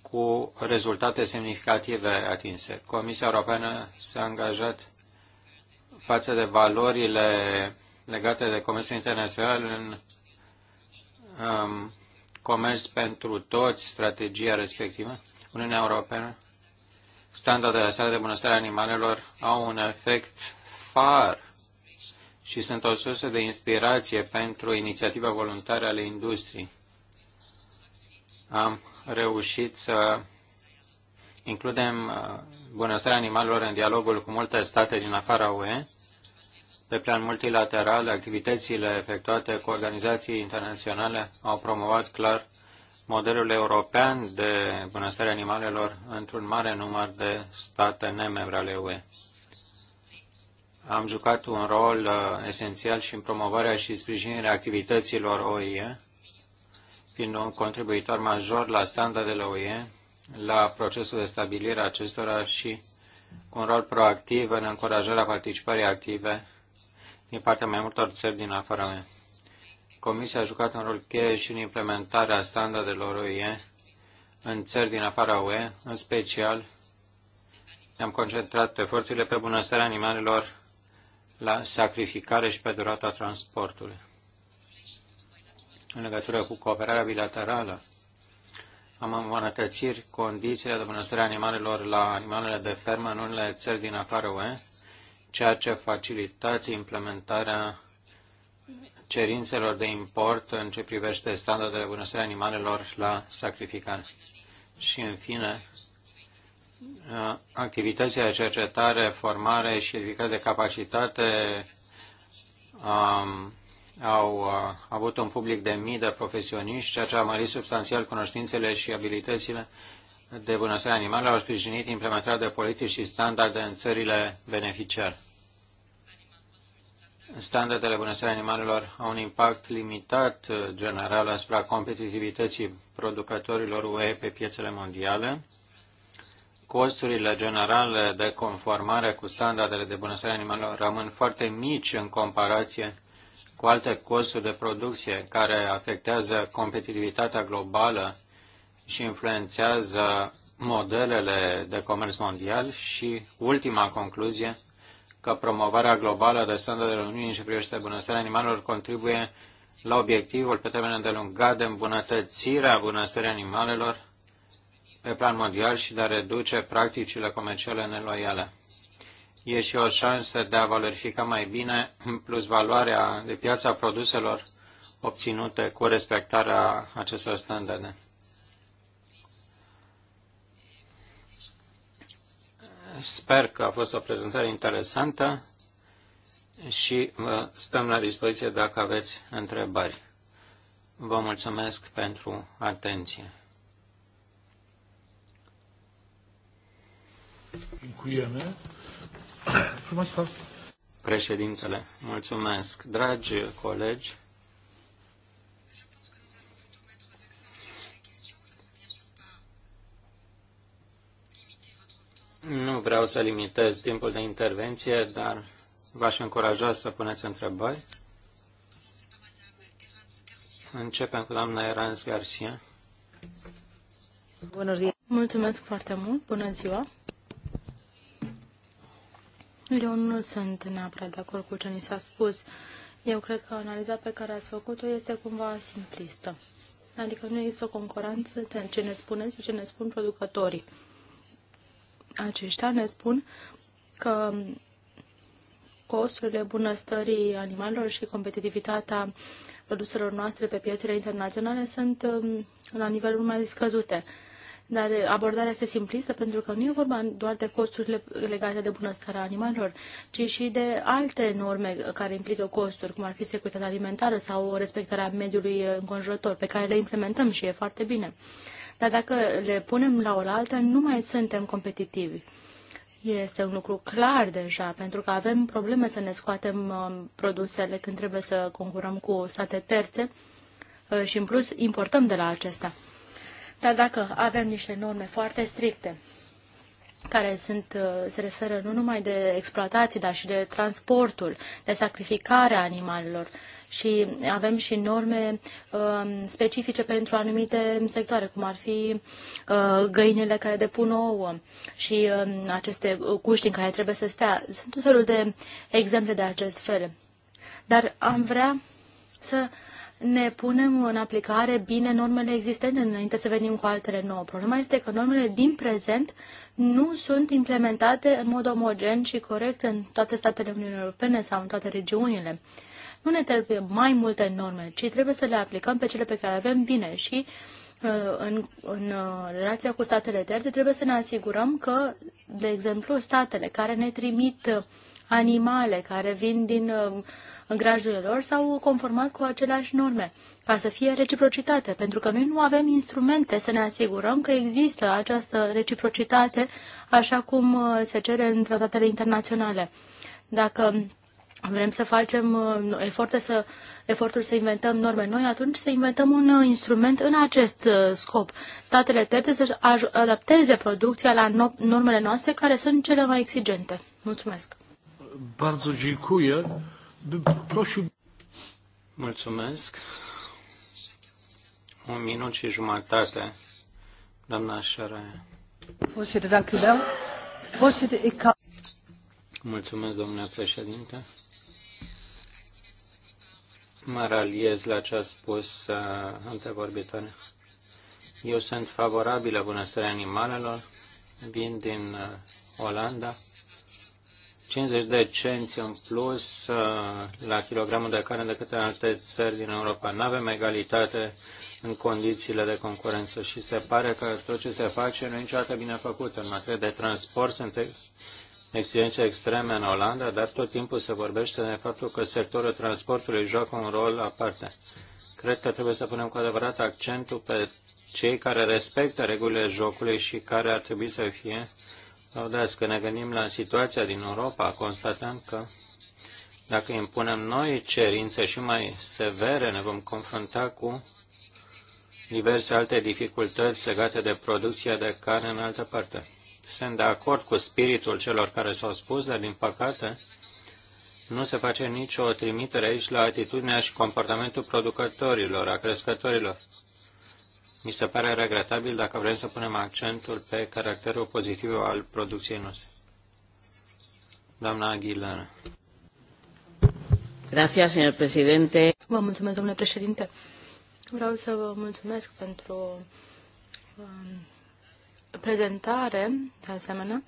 cu rezultate semnificative atinse. Comisia Europeană s-a angajat față de valorile legate de comerțul internațional în um, comerț pentru toți, strategia respectivă, Uniunea Europeană, standardele sale de bunăstare animalelor au un efect far și sunt o sursă de inspirație pentru inițiativa voluntară ale industriei. Am reușit să includem uh, bunăstarea animalelor în dialogul cu multe state din afara UE pe plan multilateral, activitățile efectuate cu organizații internaționale au promovat clar modelul european de bunăstare animalelor într-un mare număr de state nemembre ale UE. Am jucat un rol uh, esențial și în promovarea și sprijinirea activităților OIE, fiind un contribuitor major la standardele OIE, la procesul de stabilire a acestora și cu un rol proactiv în încurajarea participării active din partea mai multor țări din afara mea. Comisia a jucat un rol cheie și în implementarea standardelor UE în țări din afara UE, în special ne-am concentrat eforturile pe bunăstarea animalelor la sacrificare și pe durata transportului. În legătură cu cooperarea bilaterală, am îmbunătățit condițiile de bunăstare animalelor la animalele de fermă în unele țări din afara UE ceea ce a facilitat implementarea cerințelor de import în ce privește standardele bunăstării animalelor la sacrificare. Și, în fine, activitățile de cercetare, formare și ridicare de capacitate um, au uh, avut un public de mii de profesioniști, ceea ce a mărit substanțial cunoștințele și abilitățile de bunăstare animală au sprijinit implementarea de politici și standarde în țările beneficiare. Standardele bunăstării animalelor au un impact limitat uh, general asupra competitivității producătorilor UE pe piețele mondiale. Costurile generale de conformare cu standardele de bunăstare animalelor rămân foarte mici în comparație cu alte costuri de producție care afectează competitivitatea globală și influențează modelele de comerț mondial și ultima concluzie, că promovarea globală de standardele Uniunii în ce privește bunăstarea animalelor contribuie la obiectivul pe termen îndelungat de îmbunătățirea bunăstării animalelor pe plan mondial și de a reduce practicile comerciale neloiale. E și o șansă de a valorifica mai bine plus valoarea de piața produselor obținute cu respectarea acestor standarde. Sper că a fost o prezentare interesantă și vă stăm la dispoziție dacă aveți întrebări. Vă mulțumesc pentru atenție. Președintele, mulțumesc. Dragi colegi, Nu vreau să limitez timpul de intervenție, dar v-aș încuraja să puneți întrebări. Începem cu doamna Erans Garcia.
Bună ziua! Mulțumesc foarte mult! Bună ziua! Eu nu sunt neapărat de acord cu ce ni s-a spus. Eu cred că analiza pe care ați făcut-o este cumva simplistă. Adică nu există o concurență între ce ne spuneți și ce ne spun producătorii aceștia ne spun că costurile bunăstării animalelor și competitivitatea produselor noastre pe piețele internaționale sunt um, la niveluri mai scăzute. Dar abordarea este simplistă pentru că nu e vorba doar de costurile legate de bunăstarea animalelor, ci și de alte norme care implică costuri, cum ar fi securitatea alimentară sau respectarea mediului înconjurător, pe care le implementăm și e foarte bine dar dacă le punem la oaltă, nu mai suntem competitivi. Este un lucru clar deja, pentru că avem probleme să ne scoatem um, produsele când trebuie să concurăm cu state terțe uh, și, în plus, importăm de la acestea. Dar dacă avem niște norme foarte stricte, care sunt, uh, se referă nu numai de exploatații, dar și de transportul, de sacrificarea animalelor, și avem și norme um, specifice pentru anumite sectoare, cum ar fi uh, găinile care depun ouă și um, aceste uh, cuști în care trebuie să stea. Sunt tot felul de exemple de acest fel. Dar am vrea să ne punem în aplicare bine normele existente înainte să venim cu altele nouă. Problema este că normele din prezent nu sunt implementate în mod omogen și corect în toate statele Uniunii Europene sau în toate regiunile. Nu ne trebuie mai multe norme, ci trebuie să le aplicăm pe cele pe care le avem bine și uh, în, în uh, relația cu statele terțe trebuie să ne asigurăm că, de exemplu, statele care ne trimit animale care vin din uh, grajurile lor s-au conformat cu aceleași norme, ca să fie reciprocitate, pentru că noi nu avem instrumente să ne asigurăm că există această reciprocitate așa cum se cere în tratatele internaționale. Dacă vrem să facem uh, eforte să, eforturi să inventăm norme noi, atunci să inventăm un uh, instrument în acest uh, scop. Statele terțe să adapteze producția la no normele noastre, care sunt cele mai exigente. Mulțumesc!
Bardzo dziękuję. Prosił... Mulțumesc. Un minut și jumătate, doamna Șere. Mulțumesc, domnule președinte mă raliez la ce a spus uh, antevorbitoare. Eu sunt favorabil la bunăstarea animalelor, vin din uh, Olanda, 50 de cenți în plus uh, la kilogramul de carne decât în alte țări din Europa. Nu avem egalitate în condițiile de concurență și se pare că tot ce se face nu e niciodată bine făcut. În materie de transport sunt experiențe extreme în Olanda, dar tot timpul se vorbește de faptul că sectorul transportului joacă un rol aparte. Cred că trebuie să punem cu adevărat accentul pe cei care respectă regulile jocului și care ar trebui să fie audați. Când ne gândim la situația din Europa, constatăm că dacă impunem noi cerințe și mai severe, ne vom confrunta cu diverse alte dificultăți legate de producția de carne în altă parte. Sunt de acord cu spiritul celor care s-au spus, dar din păcate nu se face nicio trimitere aici la atitudinea și comportamentul producătorilor, a crescătorilor. Mi se pare regretabil dacă vrem să punem accentul pe caracterul pozitiv al producției noastre. Doamna Aguilera.
Gracias, señor presidente. Vă mulțumesc, domnule președinte. Vreau să vă mulțumesc pentru um, prezentare, de asemenea,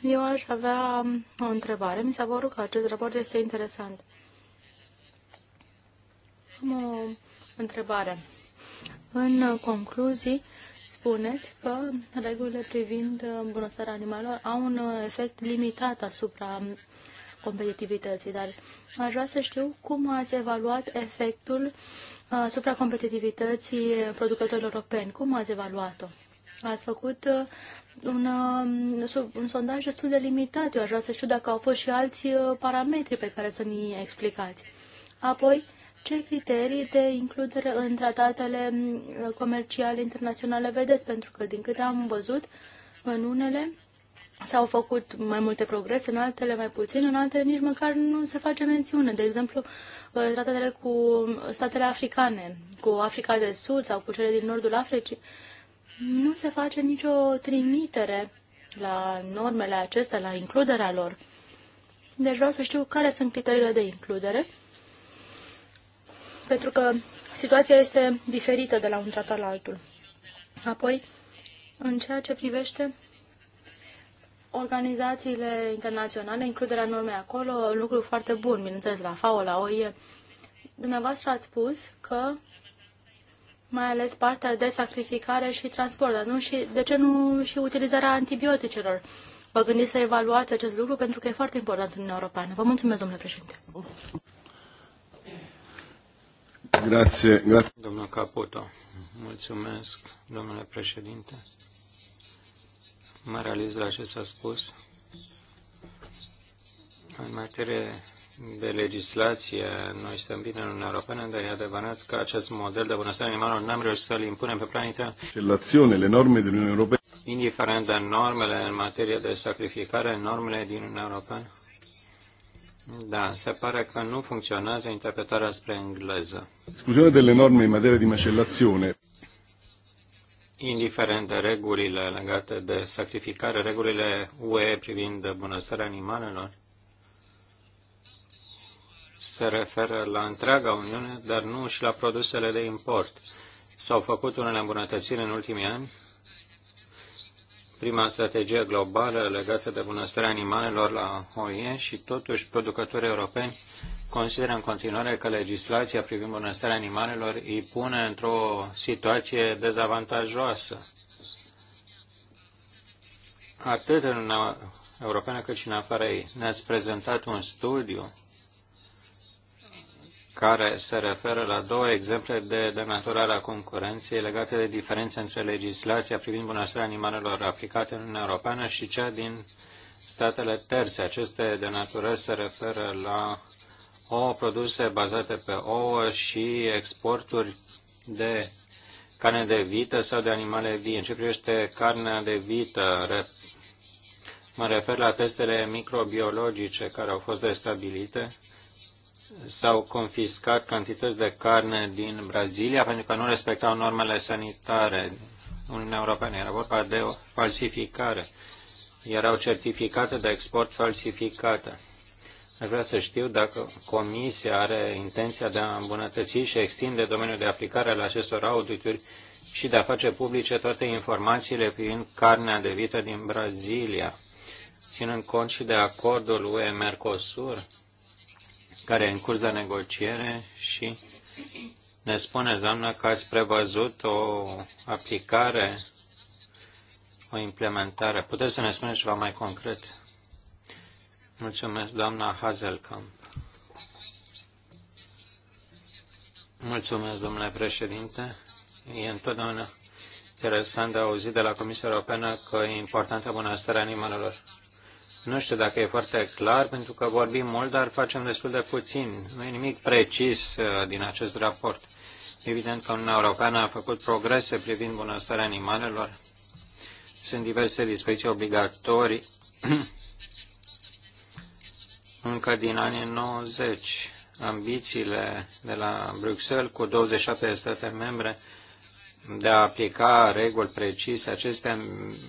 eu aș avea o întrebare. Mi s-a părut că acest raport este interesant. Am o întrebare. În concluzii, spuneți că regulile privind bunăstarea animalelor au un efect limitat asupra competitivității, dar aș vrea să știu cum ați evaluat efectul asupra competitivității producătorilor europeni. Cum ați evaluat-o? Ați făcut uh, un, uh, un sondaj destul de limitat. Eu aș vrea să știu dacă au fost și alți uh, parametri pe care să ni explicați. Apoi, ce criterii de includere în tratatele comerciale internaționale vedeți? Pentru că, din câte am văzut, în unele s-au făcut mai multe progrese, în altele mai puțin, în altele nici măcar nu se face mențiune. De exemplu, tratatele cu statele africane, cu Africa de Sud sau cu cele din nordul Africii, nu se face nicio trimitere la normele acestea, la includerea lor. Deci vreau să știu care sunt criteriile de includere, pentru că situația este diferită de la un tratat la altul. Apoi, în ceea ce privește organizațiile internaționale, includerea normei acolo, un lucru foarte bun, bineînțeles, la FAO, la OIE. Dumneavoastră ați spus că mai ales partea de sacrificare și transport, dar nu și, de ce nu și utilizarea antibioticelor? Vă gândiți să evaluați acest lucru pentru că e foarte important în Uniunea Europeană. Vă mulțumesc, domnule președinte.
Grazie, grazie.
Domnul Caputo, mulțumesc, domnule președinte. Mă realiz la ce s-a spus. În materie de legislație. Noi suntem bine în Uniunea Europeană, dar e adevărat că acest model de bunăstare animală n-am reușit să-l impunem pe planetă.
Relațiunile, normele din Uniunea Europeană.
Indiferent de normele în materie de sacrificare, normele din Uniunea Europeană. Da, se pare că nu funcționează interpretarea spre engleză.
Scuzione delle norme în materie de macellazione.
Indiferent de regulile legate de sacrificare, regulile UE privind bunăstarea animalelor, se referă la întreaga Uniune, dar nu și la produsele de import. S-au făcut unele îmbunătățiri în ultimii ani. Prima strategie globală legată de bunăstarea animalelor la OIE și totuși producătorii europeni consideră în continuare că legislația privind bunăstarea animalelor îi pune într-o situație dezavantajoasă atât în Europeană cât și în afară ei. Ne-ați prezentat un studiu care se referă la două exemple de denaturare a concurenței legate de diferențe între legislația privind bunăstarea animalelor aplicate în Uniunea Europeană și cea din statele terțe. Aceste denaturări se referă la ouă produse bazate pe ouă și exporturi de carne de vită sau de animale vii. În ce privește carnea de vită, mă refer la testele microbiologice care au fost restabilite s-au confiscat cantități de carne din Brazilia pentru că nu respectau normele sanitare. Uniunea Europeană era vorba de o falsificare. Erau certificate de export falsificate. Aș vrea să știu dacă Comisia are intenția de a îmbunătăți și extinde domeniul de aplicare al acestor audituri și de a face publice toate informațiile privind carnea de vită din Brazilia, ținând cont și de acordul UE-Mercosur care e în curs de negociere și ne spune, doamnă, că ați prevăzut o aplicare, o implementare. Puteți să ne spuneți ceva mai concret? Mulțumesc, doamna Hazelkamp. Mulțumesc, domnule președinte. E întotdeauna interesant de auzit de la Comisia Europeană că e importantă bunăstarea animalelor. Nu știu dacă e foarte clar, pentru că vorbim mult, dar facem destul de puțin. Nu e nimic precis uh, din acest raport. Evident că Uniunea Europeană a făcut progrese privind bunăstarea animalelor. Sunt diverse dispoziții obligatorii încă din anii 90. Ambițiile de la Bruxelles cu 27 de state membre de a aplica reguli precise, aceste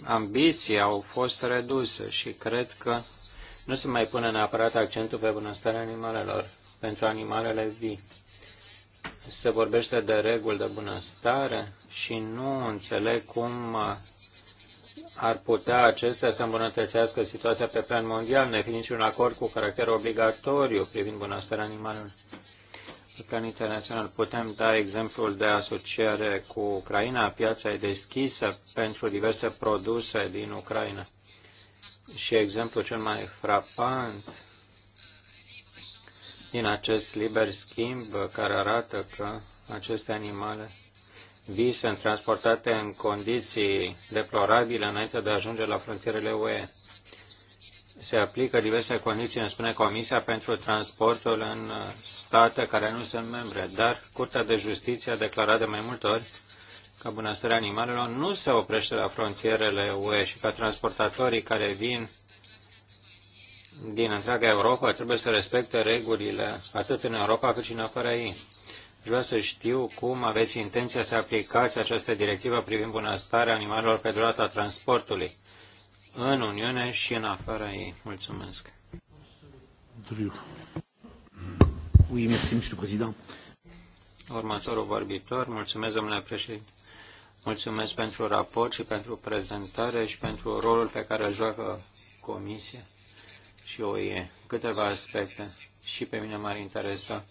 ambiții au fost reduse și cred că nu se mai pune neapărat accentul pe bunăstarea animalelor, pentru animalele vii. Se vorbește de reguli de bunăstare și nu înțeleg cum ar putea acestea să îmbunătățească situația pe plan mondial, nefiind niciun acord cu caracter obligatoriu privind bunăstarea animalelor pe plan internațional. Putem da exemplul de asociere cu Ucraina. Piața e deschisă pentru diverse produse din Ucraina. Și exemplul cel mai frapant din acest liber schimb care arată că aceste animale vii sunt transportate în condiții deplorabile înainte de a ajunge la frontierele UE se aplică diverse condiții, îmi spune Comisia, pentru transportul în state care nu sunt membre, dar Curtea de Justiție a declarat de mai multe ori că bunăstarea animalelor nu se oprește la frontierele UE și că transportatorii care vin din întreaga Europa trebuie să respecte regulile atât în Europa cât și în afara ei. Și vreau să știu cum aveți intenția să aplicați această directivă privind bunăstarea animalelor pe durata transportului în Uniune și în afara ei. Mulțumesc.
Oui, merci, monsieur président.
Următorul vorbitor, mulțumesc, domnule președinte. Mulțumesc pentru raport și pentru prezentare și pentru rolul pe care îl joacă Comisia și OIE. Câteva aspecte și pe mine m-ar interesa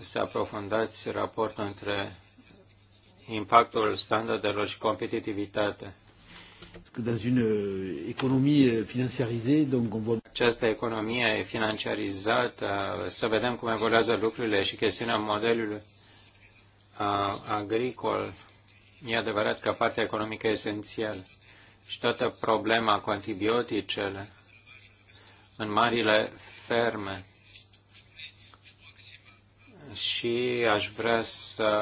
să aprofundați raportul între impactul standardelor și competitivitatea.
Euh, euh,
Această economie financiarizată, să vedem cum evoluează lucrurile și chestiunea modelului agricol, e adevărat că partea economică e esențială. Și toată problema cu antibioticele în marile ferme. Și aș vrea să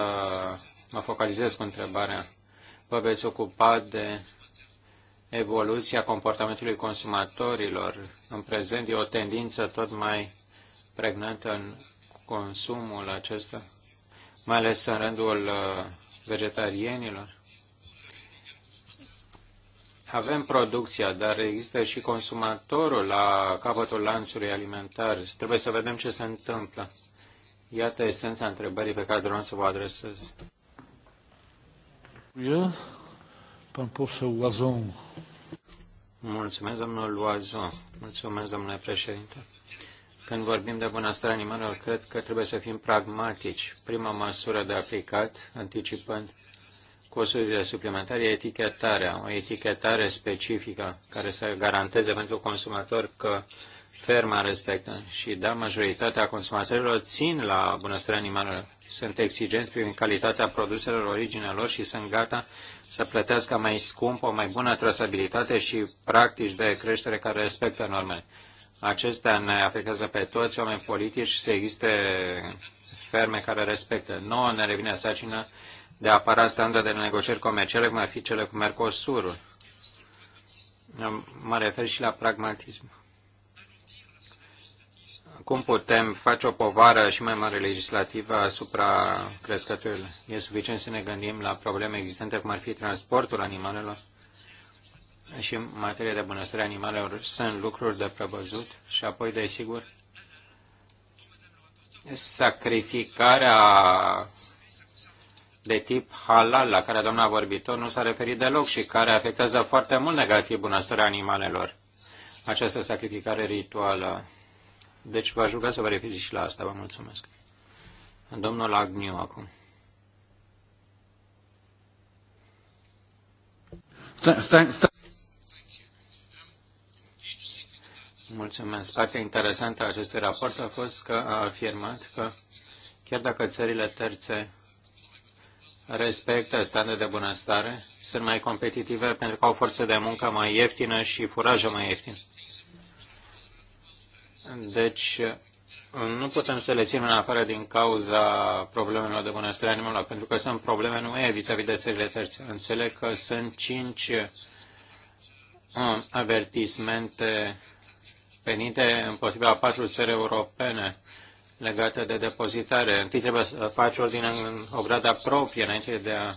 mă focalizez cu întrebarea. Vă veți ocupa de evoluția comportamentului consumatorilor. În prezent e o tendință tot mai pregnantă în consumul acesta, mai ales în rândul uh, vegetarienilor. Avem producția, dar există și consumatorul la capătul lanțului alimentar. Trebuie să vedem ce se întâmplă. Iată esența întrebării pe care vreau să vă adresez. Eu, pan să o Mulțumesc, domnul Loazo. Mulțumesc, domnule președinte. Când vorbim de bunăstare animalelor, cred că trebuie să fim pragmatici. Prima măsură de aplicat, anticipând costurile suplimentare, e etichetarea, o etichetare specifică care să garanteze pentru consumator că uh, Ferma respectă și da, majoritatea consumatorilor țin la bunăstarea animalelor. Sunt exigenți privind calitatea produselor, originea lor și sunt gata să plătească mai scump o mai bună trasabilitate și practici de creștere care respectă normele. Acestea ne afectează pe toți oameni politici și să existe ferme care respectă. Nouă ne revine sarcina de a apăra standarde de negocieri comerciale, cum ar fi cele cu Mercosurul. Mă refer și la pragmatism cum putem face o povară și mai mare legislativă asupra crescătorilor? E suficient să ne gândim la probleme existente, cum ar fi transportul animalelor și în materie de bunăstare animalelor sunt lucruri de prevăzut și apoi, desigur, sacrificarea de tip halal, la care doamna vorbitor nu s-a referit deloc și care afectează foarte mult negativ bunăstarea animalelor. Această sacrificare rituală deci v-aș ruga să vă referiți și la asta. Vă mulțumesc. Domnul Agniu acum. Mulțumesc. Partea interesantă a acestui raport a fost că a afirmat că chiar dacă țările terțe respectă standarde de bunăstare, sunt mai competitive pentru că au forță de muncă mai ieftină și furajă mai ieftină. Deci, nu putem să le ținem în afară din cauza problemelor de bunăstare animală, pentru că sunt probleme nu e vis-a-vis de țările terțe. Înțeleg că sunt cinci uh, avertismente venite împotriva a patru țări europene legate de depozitare. Întâi trebuie să faci ordine în o proprie înainte de a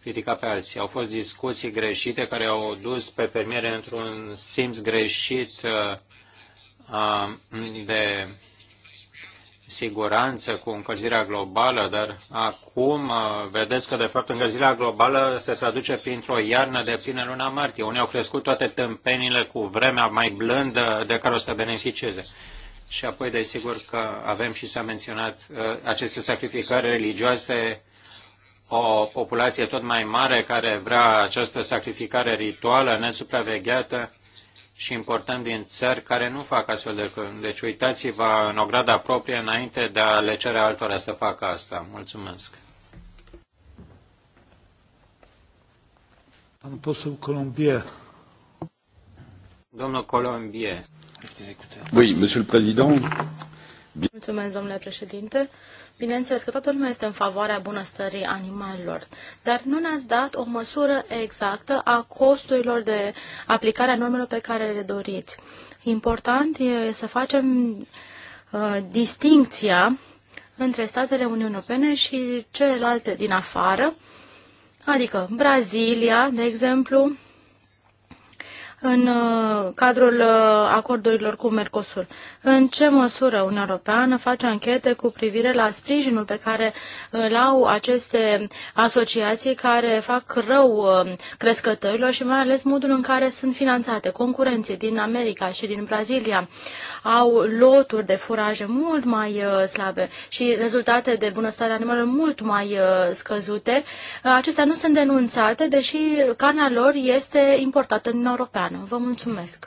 critica pe alții. Au fost discuții greșite care au dus pe fermiere într-un simț greșit uh, de siguranță cu încălzirea globală, dar acum vedeți că, de fapt, încălzirea globală se traduce printr-o iarnă de plină luna martie. Unii au crescut toate tâmpenile cu vremea mai blândă de care o să beneficieze. Și apoi, desigur, că avem și s-a menționat aceste sacrificări religioase, o populație tot mai mare care vrea această sacrificare rituală nesupravegheată, și importăm din țări care nu fac astfel de lucruri. Deci uitați-vă în ograda proprie înainte de a le cere altora să facă asta. Mulțumesc. Pan poseł Colombier. Domnul Colombie. Oui, monsieur le président.
Mulțumesc, domnule președinte. Bineînțeles că toată lumea este în favoarea bunăstării animalelor, dar nu ne-ați dat o măsură exactă a costurilor de aplicare a normelor pe care le doriți. Important e să facem uh, distinția între statele Uniunii Europene și celelalte din afară, adică Brazilia, de exemplu, în uh, cadrul uh, acordurilor cu Mercosur. În ce măsură Uniunea Europeană face anchete cu privire la sprijinul pe care îl au aceste asociații care fac rău uh, crescătorilor și mai ales modul în care sunt finanțate. Concurenții din America și din Brazilia au loturi de furaje mult mai slabe și rezultate de bunăstare animalelor mult mai scăzute. Acestea nu sunt denunțate, deși carnea lor este importată în Europeană. Europeană. Vă mulțumesc!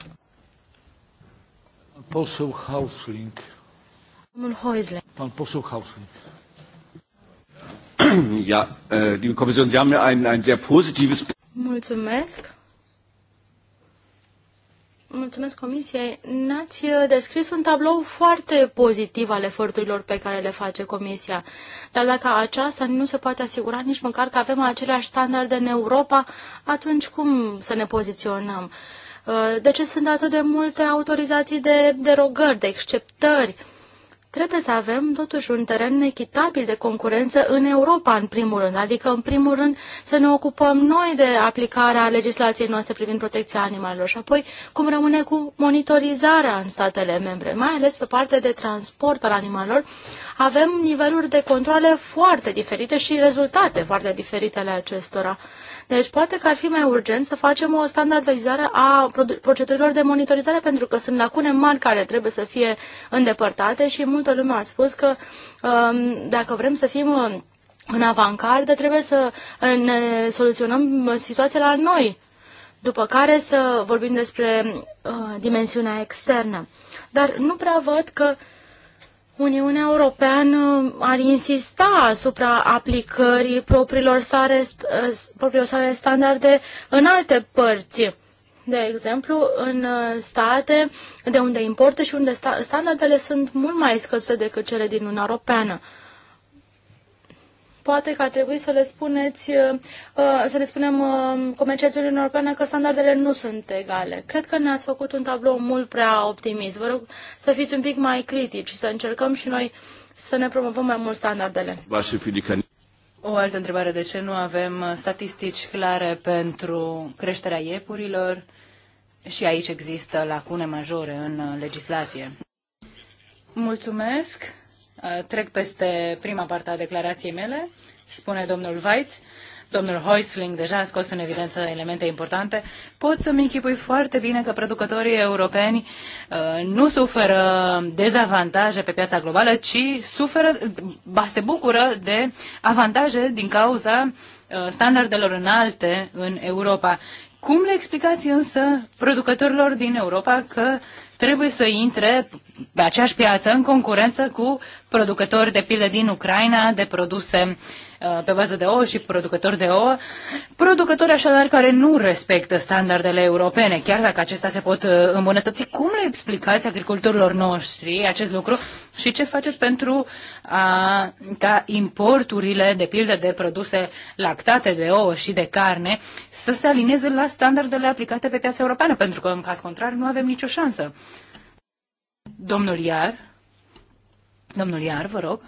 Poseł Hausling.
Domnul Häusling. Pan poseł Hausling.
Ja, liebe Kommission, Sie haben ja ein, ein sehr positives...
Mulțumesc. Mulțumesc Comisiei. n ați descris un tablou foarte pozitiv al eforturilor pe care le face Comisia. Dar dacă aceasta nu se poate asigura nici măcar că avem aceleași standarde în Europa, atunci cum să ne poziționăm? Uh, de ce sunt atât de multe autorizații de derogări, de exceptări? Trebuie să avem totuși un teren echitabil de concurență în Europa, în primul rând, adică în primul rând să ne ocupăm noi de aplicarea legislației noastre privind protecția animalelor și apoi cum rămâne cu monitorizarea în statele membre, mai ales pe partea de transport al animalelor. Avem niveluri de controle foarte diferite și rezultate foarte diferite ale acestora. Deci poate că ar fi mai urgent să facem o standardizare a procedurilor de monitorizare pentru că sunt lacune mari care trebuie să fie îndepărtate și multă lume a spus că um, dacă vrem să fim uh, în avancardă, trebuie să uh, ne soluționăm uh, situația la noi, după care să vorbim despre dimensiunea externă. Dar nu prea văd că uh, Uniunea Europeană ar insista asupra aplicării propriilor sale, eh, propriilor sale standarde în alte părți. De exemplu, în eh, state de unde importă și unde standardele sunt mult mai scăzute decât cele din Uniunea Europeană poate că ar trebui să le spuneți, uh, uh, să le spunem uh, comercianților în că standardele nu sunt egale. Cred că ne-ați făcut un tablou mult prea optimist. Vă rog să fiți un pic mai critici, să încercăm și noi să ne promovăm mai mult standardele. O altă întrebare, de ce nu avem statistici clare
pentru creșterea iepurilor? Și aici există lacune majore în legislație. Mulțumesc. Uh, trec peste prima parte a declarației mele, spune domnul Weitz. Domnul Heusling deja a scos în evidență elemente importante. Pot să-mi închipui foarte bine că producătorii europeni uh, nu suferă dezavantaje pe piața globală, ci suferă, ba, se bucură de avantaje din cauza uh, standardelor înalte în Europa. Cum le explicați însă producătorilor din Europa că trebuie să intre pe aceeași piață în concurență cu producători de pile din Ucraina de produse Uh, pe bază de ouă și producători de ouă, producători așadar care nu respectă standardele europene, chiar dacă acestea se pot uh, îmbunătăți. Cum le explicați agricultorilor noștri acest lucru și ce faceți pentru a, ca importurile, de pildă de produse lactate de ouă și de carne, să se alineze la standardele aplicate pe piața europeană, pentru că în caz contrar nu avem nicio șansă. Domnul Iar, domnul Iar, vă rog.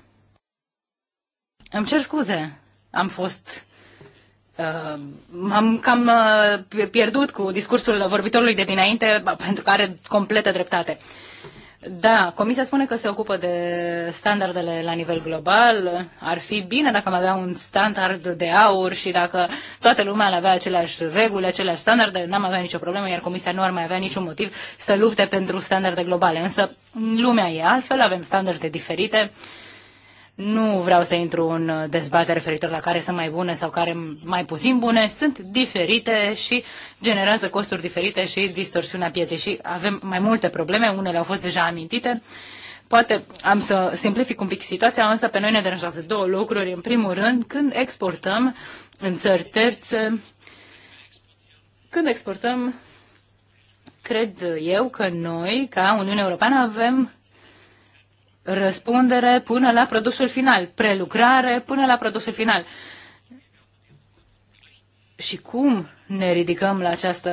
Îmi cer scuze, am fost... Uh, m-am cam uh, pierdut cu discursul vorbitorului de dinainte, pentru că are completă dreptate. Da, Comisia spune că se ocupă de standardele la nivel global. Ar fi bine dacă am avea un standard de aur și dacă toată lumea ar avea aceleași reguli, aceleași standarde, n-am avea nicio problemă, iar Comisia nu ar mai avea niciun motiv să lupte pentru standarde globale. Însă lumea e altfel, avem standarde diferite. Uh, nu vreau să intru în dezbatere referitor la care sunt mai bune sau care mai puțin bune. Sunt diferite și generează costuri diferite și distorsiunea pieței și avem mai multe probleme, unele au fost deja amintite. Poate am să simplific un pic situația, însă pe noi ne deranjează două lucruri. În primul rând, când exportăm în țări terțe, când exportăm, cred eu că noi, ca Uniunea Europeană, avem răspundere până la produsul final, prelucrare până la produsul final. Și cum ne ridicăm la această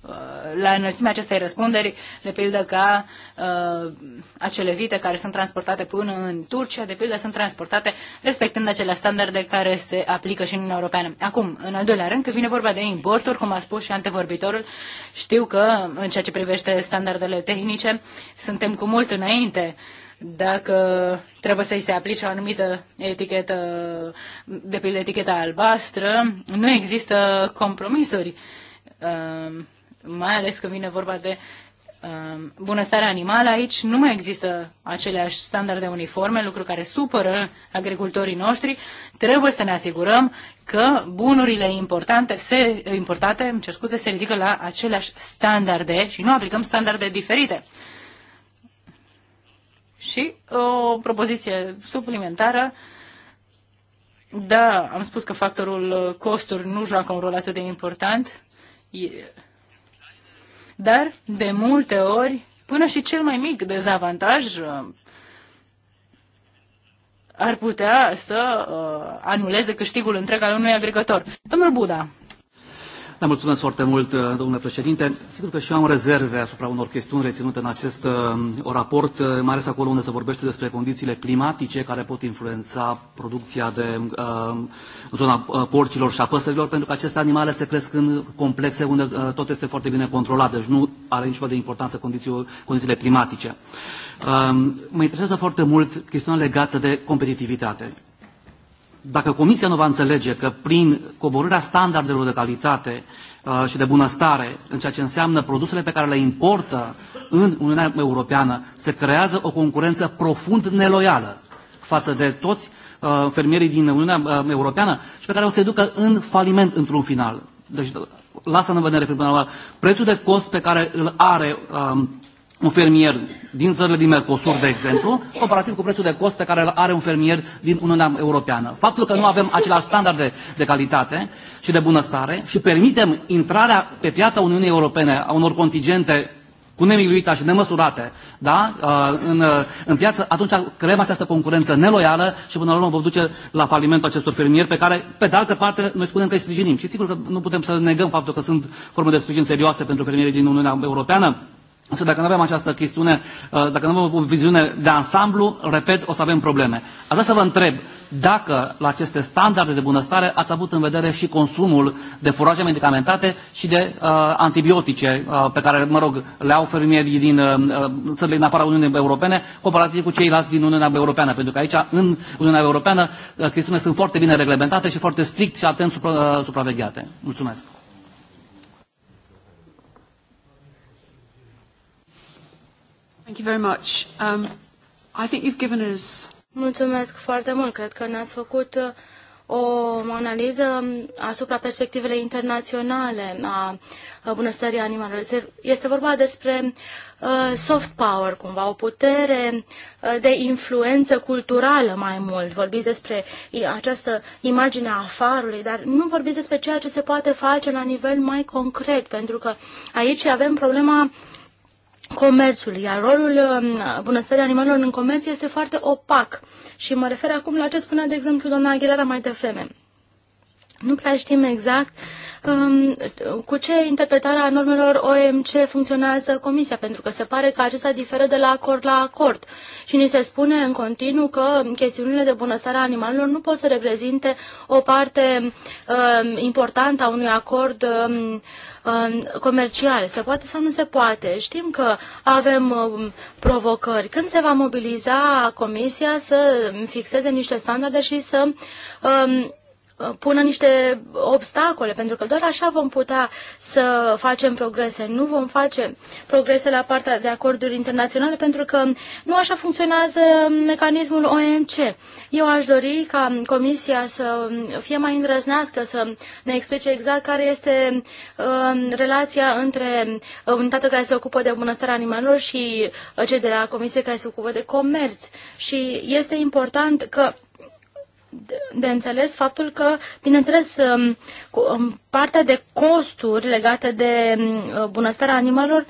uh, la înălțimea acestei răspunderi, de pildă ca uh, acele vite care sunt transportate până în Turcia, de pildă sunt transportate respectând acele standarde care se aplică și în Uniunea Europeană. Acum, în al doilea rând, când vine vorba de importuri, cum a spus și antevorbitorul, știu că în ceea ce privește standardele tehnice, suntem cu mult înainte uh, dacă trebuie să-i se aplice o anumită etichetă, de pildă eticheta albastră, nu există compromisuri, um, mai ales când vine vorba de um, bunăstarea animală. Aici nu mai există aceleași standarde uniforme, lucru care supără agricultorii noștri. Trebuie să ne asigurăm că bunurile importante se, importate îmi cer scuze, se ridică la aceleași standarde și nu aplicăm standarde diferite. Și uh, o propoziție suplimentară. Da, am spus că factorul uh, costuri nu joacă un rol atât de important, dar de multe ori, până și cel mai mic dezavantaj uh, ar putea să anuleze câștigul întreg al unui agregător. Domnul Buda,
da, mulțumesc foarte mult, uh, domnule președinte. Sigur că și eu am rezerve asupra unor chestiuni reținute în acest uh, raport, uh, mai ales acolo unde se vorbește despre condițiile climatice care pot influența producția de uh, zona uh, porcilor și a păsărilor, pentru că aceste animale se cresc în complexe unde uh, tot este foarte bine controlat, deci nu are nicio de importanță condițiile climatice. Mă interesează foarte mult chestiunea legată de competitivitate dacă Comisia nu va înțelege că prin coborârea standardelor de calitate uh, și de bunăstare în ceea ce înseamnă produsele pe care le importă în Uniunea Europeană, se creează o concurență profund neloială față de toți uh, fermierii din Uniunea uh, Europeană și pe care o să-i ducă în faliment într-un final. Deci lasă în vedere, prețul de cost pe care îl are um, un fermier din țările din Mercosur, de exemplu, comparativ cu prețul de cost pe care îl are un fermier din Uniunea Europeană. Faptul că nu avem același standard de, de calitate și de bunăstare și permitem intrarea pe piața Uniunii Europene a unor contingente cu nemiluita și nemăsurate da? Uh, în, uh, în piață, atunci creăm această concurență neloială și până la urmă vom duce la falimentul acestor fermieri pe care, pe de altă parte, noi spunem că îi sprijinim. Și sigur că nu putem să negăm faptul că sunt forme de sprijin serioase pentru fermierii din Uniunea Europeană, Însă dacă nu avem această chestiune, uh, dacă nu avem o viziune de ansamblu, repet, o să avem probleme. Aș vrea să vă întreb dacă la aceste standarde de bunăstare ați avut în vedere și consumul de furaje medicamentate și de uh, antibiotice uh, pe care, mă rog, le au fermierii din uh, uh țările din afara Uniunii Europene, comparativ cu ceilalți din Uniunea Europeană. Pentru că aici, în Uniunea Europeană, uh, chestiunile sunt foarte bine reglementate și foarte strict și atent supra, uh, supravegheate. Mulțumesc!
Thank you very much. Um, I think you've given us... Mulțumesc foarte mult. Cred că ne-ați făcut uh, o analiză um, asupra perspectivele internaționale a bunăstării animalelor. Este vorba despre uh, soft power, cumva, o putere uh, de influență culturală mai mult. Vorbiți despre această imagine a farului, dar nu vorbiți despre ceea ce se poate face la nivel mai concret, pentru că aici avem problema comerțul, iar rolul um, bunăstării animalelor în comerț este foarte opac. Și mă refer acum la ce spunea, de exemplu, doamna Aguilera mai devreme. Nu prea știm exact um, cu ce interpretare a normelor OMC funcționează Comisia, pentru că se pare că acesta diferă de la acord la acord. Și ni se spune în continuu că chestiunile de bunăstare a animalelor nu pot să reprezinte o parte um, importantă a unui acord um, um comercial. Se poate sau nu se poate? Știm că avem um, provocări. Când se va mobiliza Comisia să fixeze niște standarde și să um, Uh, pună niște obstacole, pentru că doar așa vom putea să facem progrese. Nu vom face progrese la partea de acorduri internaționale, pentru că nu așa funcționează mecanismul OMC. Eu aș dori ca Comisia să fie mai îndrăznească, să ne explice exact care este uh, relația între unitatea care se ocupă de bunăstarea animalelor și uh, cei de la Comisie care se ocupă de comerț. Și este important că de înțeles faptul că, bineînțeles, um, um, partea de costuri legate de um, bunăstarea animalelor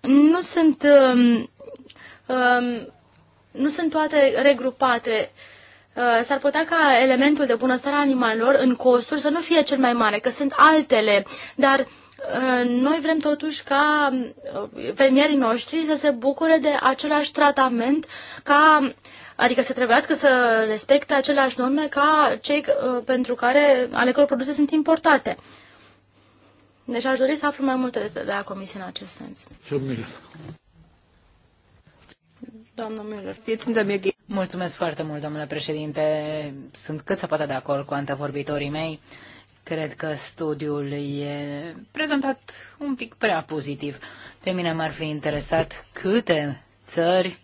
nu sunt, nu sunt toate regrupate. Uh, s-ar putea ca elementul de bunăstare a animalelor în costuri să nu fie cel mai mare, că sunt altele, dar uh, noi vrem totuși ca uh, fermierii noștri să se bucure de același tratament ca uh, Adică să trebuiască să respecte aceleași norme ca cei uh, pentru care, ale căror produse sunt importate. Deci aș dori să aflu mai multe de la Comisie în acest sens. Doamna Müller. Mulțumesc foarte mult, domnule
președinte. Sunt cât să poate de acord cu antevorbitorii mei. Cred că studiul e prezentat un pic prea pozitiv. Pe mine m-ar fi interesat câte țări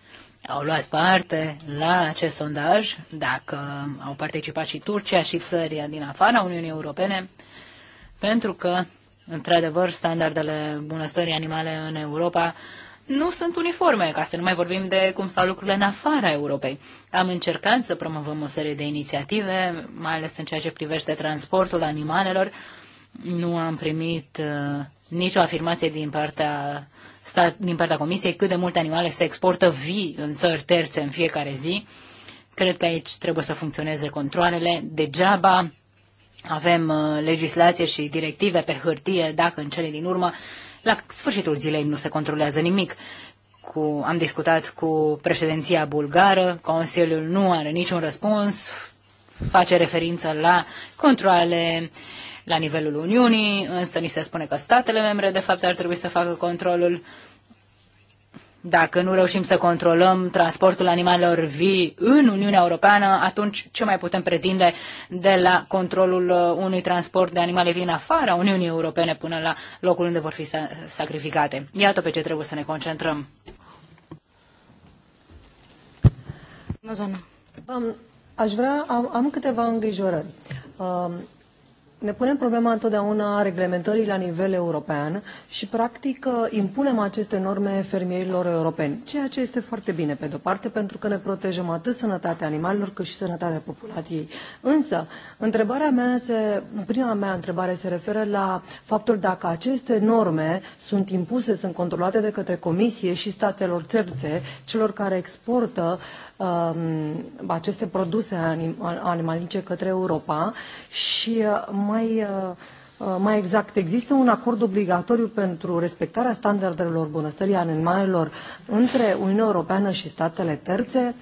au luat parte la acest sondaj, dacă au participat și Turcia și țări din afara Uniunii Europene, pentru că, într-adevăr, standardele bunăstării animale în Europa nu sunt uniforme, ca să nu mai vorbim de cum stau lucrurile în afara Europei. Am încercat să promovăm o serie de inițiative, mai ales în ceea ce privește transportul animalelor, nu am primit uh, nicio afirmație din partea, stat, din partea Comisiei cât de multe animale se exportă vii în țări terțe în fiecare zi. Cred că aici trebuie să funcționeze controlele. Degeaba avem uh, legislație și directive pe hârtie dacă în cele din urmă la sfârșitul zilei nu se controlează nimic. Cu, am discutat cu președinția bulgară, Consiliul nu are niciun răspuns, face referință la controle uh, la nivelul Uniunii, însă ni se spune că statele membre, de fapt, ar trebui să facă controlul. Dacă nu reușim să controlăm transportul animalelor vii în Uniunea Europeană, atunci ce mai putem pretinde de la controlul uh, unui transport de animale vii în afara Uniunii Europene până la locul unde vor fi sacrificate? Iată pe ce trebuie să ne concentrăm.
Um, aș vrea, am, am câteva îngrijorări. Um, ne punem problema întotdeauna a reglementării la nivel european și, practic, impunem aceste norme fermierilor europeni, ceea ce este foarte bine, pe de-o parte, pentru că ne protejăm atât sănătatea animalelor cât și sănătatea populației. Însă, întrebarea mea se, prima mea întrebare se referă la faptul dacă aceste norme sunt impuse, sunt controlate de către Comisie și statelor terțe, celor care exportă uh, Um, aceste produse animalice către Europa și uh, mai uh, uh, mai exact, există un acord obligatoriu pentru respectarea standardelor bunăstării animalelor între Uniunea Europeană și statele terțe.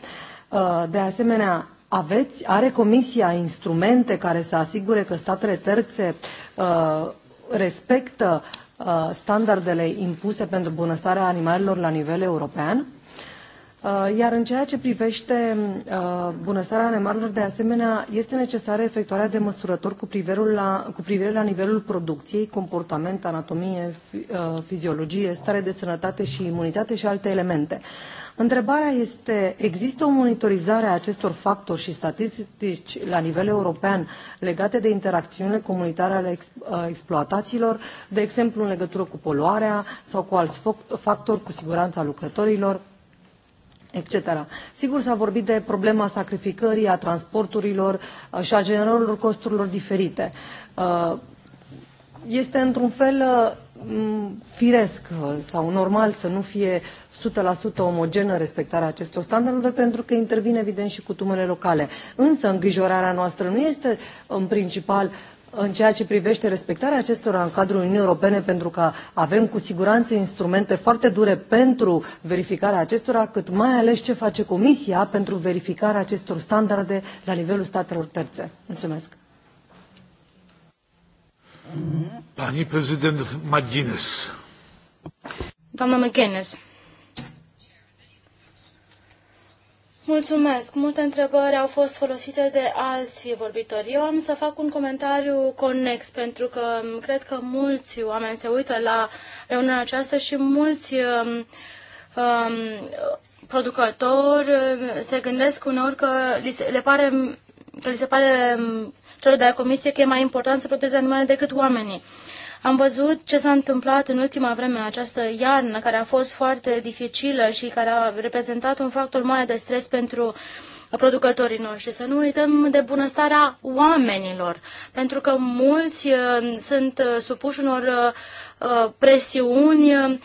De asemenea, aveți, are Comisia instrumente care să asigure că statele terțe respectă standardele impuse pentru bunăstarea animalelor la nivel european? Uh, iar în ceea ce privește uh, bunăstarea animalelor, de asemenea, este necesară efectuarea de măsurători cu privire la, cu privire la nivelul producției, comportament, anatomie, uh, fiziologie, stare de sănătate și imunitate și alte elemente. Întrebarea este, există o monitorizare a acestor factori și statistici la nivel european legate de interacțiunile comunitare ale exploatațiilor, de exemplu în legătură cu poluarea sau cu alți factori, cu siguranța lucrătorilor? etc. Sigur, s-a vorbit de problema sacrificării, a transporturilor uh, și a generărilor costurilor diferite. Uh, este într-un fel uh, firesc sau normal să nu fie 100% omogenă respectarea acestor standarde, pentru că intervine evident și cutumele locale. Însă îngrijorarea noastră nu este în principal în ceea ce privește respectarea acestora în cadrul Uniunii Europene, pentru că avem cu siguranță instrumente foarte dure pentru verificarea acestora, cât mai ales ce face Comisia pentru verificarea acestor standarde la nivelul statelor terțe. Mulțumesc.
Pani prezident McGuinness.
Doamna McGuinness. Mulțumesc. Multe întrebări au fost folosite de alți vorbitori. Eu am să fac un comentariu conex, pentru că um, cred că mulți oameni se uită la reuniunea aceasta și mulți um, um, producători um, se gândesc uneori că li se, le pare, că li se pare um, celor de la comisie că e mai important să proteze animale decât oamenii. Am văzut ce s-a întâmplat în ultima vreme, această iarnă, care a fost foarte dificilă și care a reprezentat un factor mare de stres pentru producătorii noștri. Să nu uităm de bunăstarea oamenilor, pentru că mulți uh, sunt uh, supuși unor uh, Uh, presiuni uh,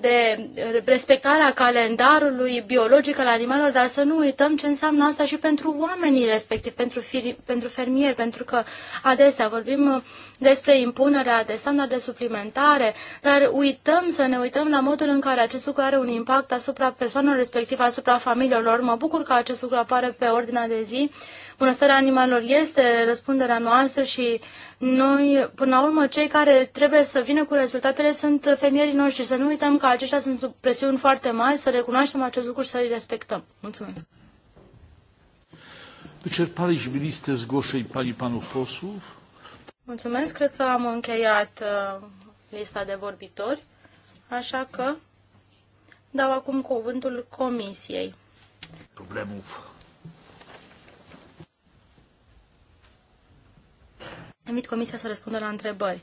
de respectarea calendarului biologic al animalelor, dar să nu uităm ce înseamnă asta și pentru oamenii respectiv, pentru, pentru fermieri, pentru că adesea vorbim uh, despre impunerea de standarde suplimentare, dar uităm să ne uităm la modul în care acest lucru are un impact asupra persoanelor respectiv, asupra familiilor. Mă bucur că acest lucru apare pe ordinea de zi bunăstarea animalelor este răspunderea noastră și noi, până la urmă, cei care trebuie să vină cu rezultatele sunt fermierii noștri. Să nu uităm că aceștia sunt sub presiuni foarte mari, să recunoaștem acest lucru și să îi respectăm. Mulțumesc.
Wyczerpaliśmy listę zgłoszeń pani panów posłów.
Mulțumesc, cred că am încheiat uh, lista de vorbitori, așa că dau acum cuvântul comisiei.
Problemów
Invit Comisia să răspundă la întrebări.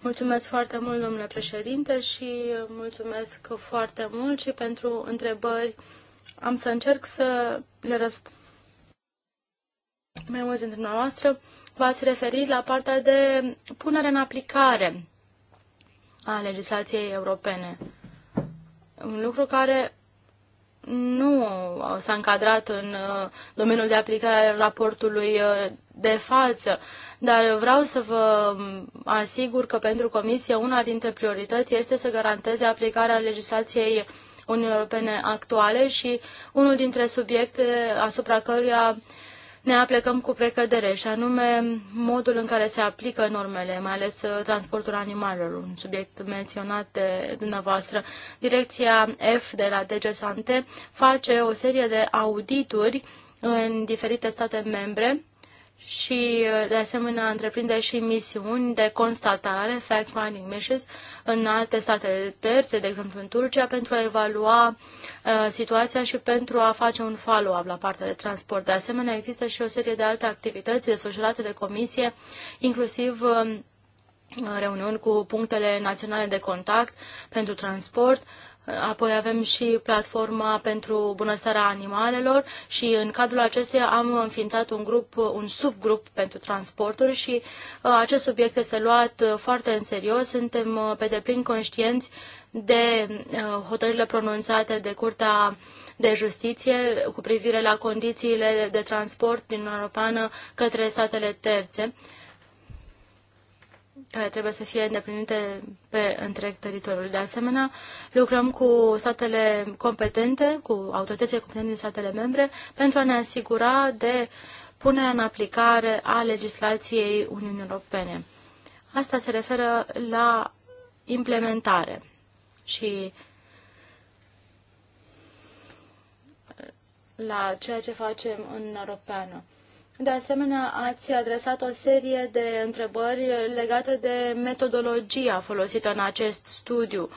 Mulțumesc foarte mult, domnule președinte, și mulțumesc foarte mult și pentru întrebări. Am să încerc să le răspund. Mai mulți dintre dumneavoastră. v-ați referit la partea de punere în aplicare a legislației europene. Un lucru care nu s-a încadrat în uh, domeniul de aplicare al raportului uh, de față, dar vreau să vă asigur că pentru Comisie una dintre priorități este să garanteze aplicarea legislației Uniunii Europene actuale și unul dintre subiecte asupra căruia ne aplecăm cu precădere, și anume modul în care se aplică normele, mai ales uh, transportul animalelor, un subiect menționat de dumneavoastră. Direcția F de la DG Sante face o serie de audituri în diferite state membre și, uh, de asemenea, întreprinde și misiuni de constatare, fact-finding missions, în alte state terțe, de exemplu în Turcia, pentru a evalua uh, situația și pentru a face un follow-up la partea de transport. De asemenea, există și o serie de alte activități desfășurate de comisie, inclusiv uh, reuniuni cu punctele naționale de contact pentru transport, Apoi avem și platforma pentru bunăstarea animalelor și în cadrul acesteia am înființat un grup, un subgrup pentru transporturi și uh, acest subiect este luat uh, foarte în serios. Suntem uh, pe deplin conștienți de hotările pronunțate de Curtea de Justiție cu privire la condițiile de transport din Europeană către statele terțe care trebuie să fie îndeplinite pe întreg teritoriul. De asemenea, lucrăm cu statele competente, cu autoritățile competente din statele membre, pentru a ne asigura de punerea în aplicare a legislației Uniunii Europene. Asta se referă la implementare și la ceea ce facem în Europeană. De asemenea, ați adresat o serie de întrebări legate de metodologia folosită în acest studiu.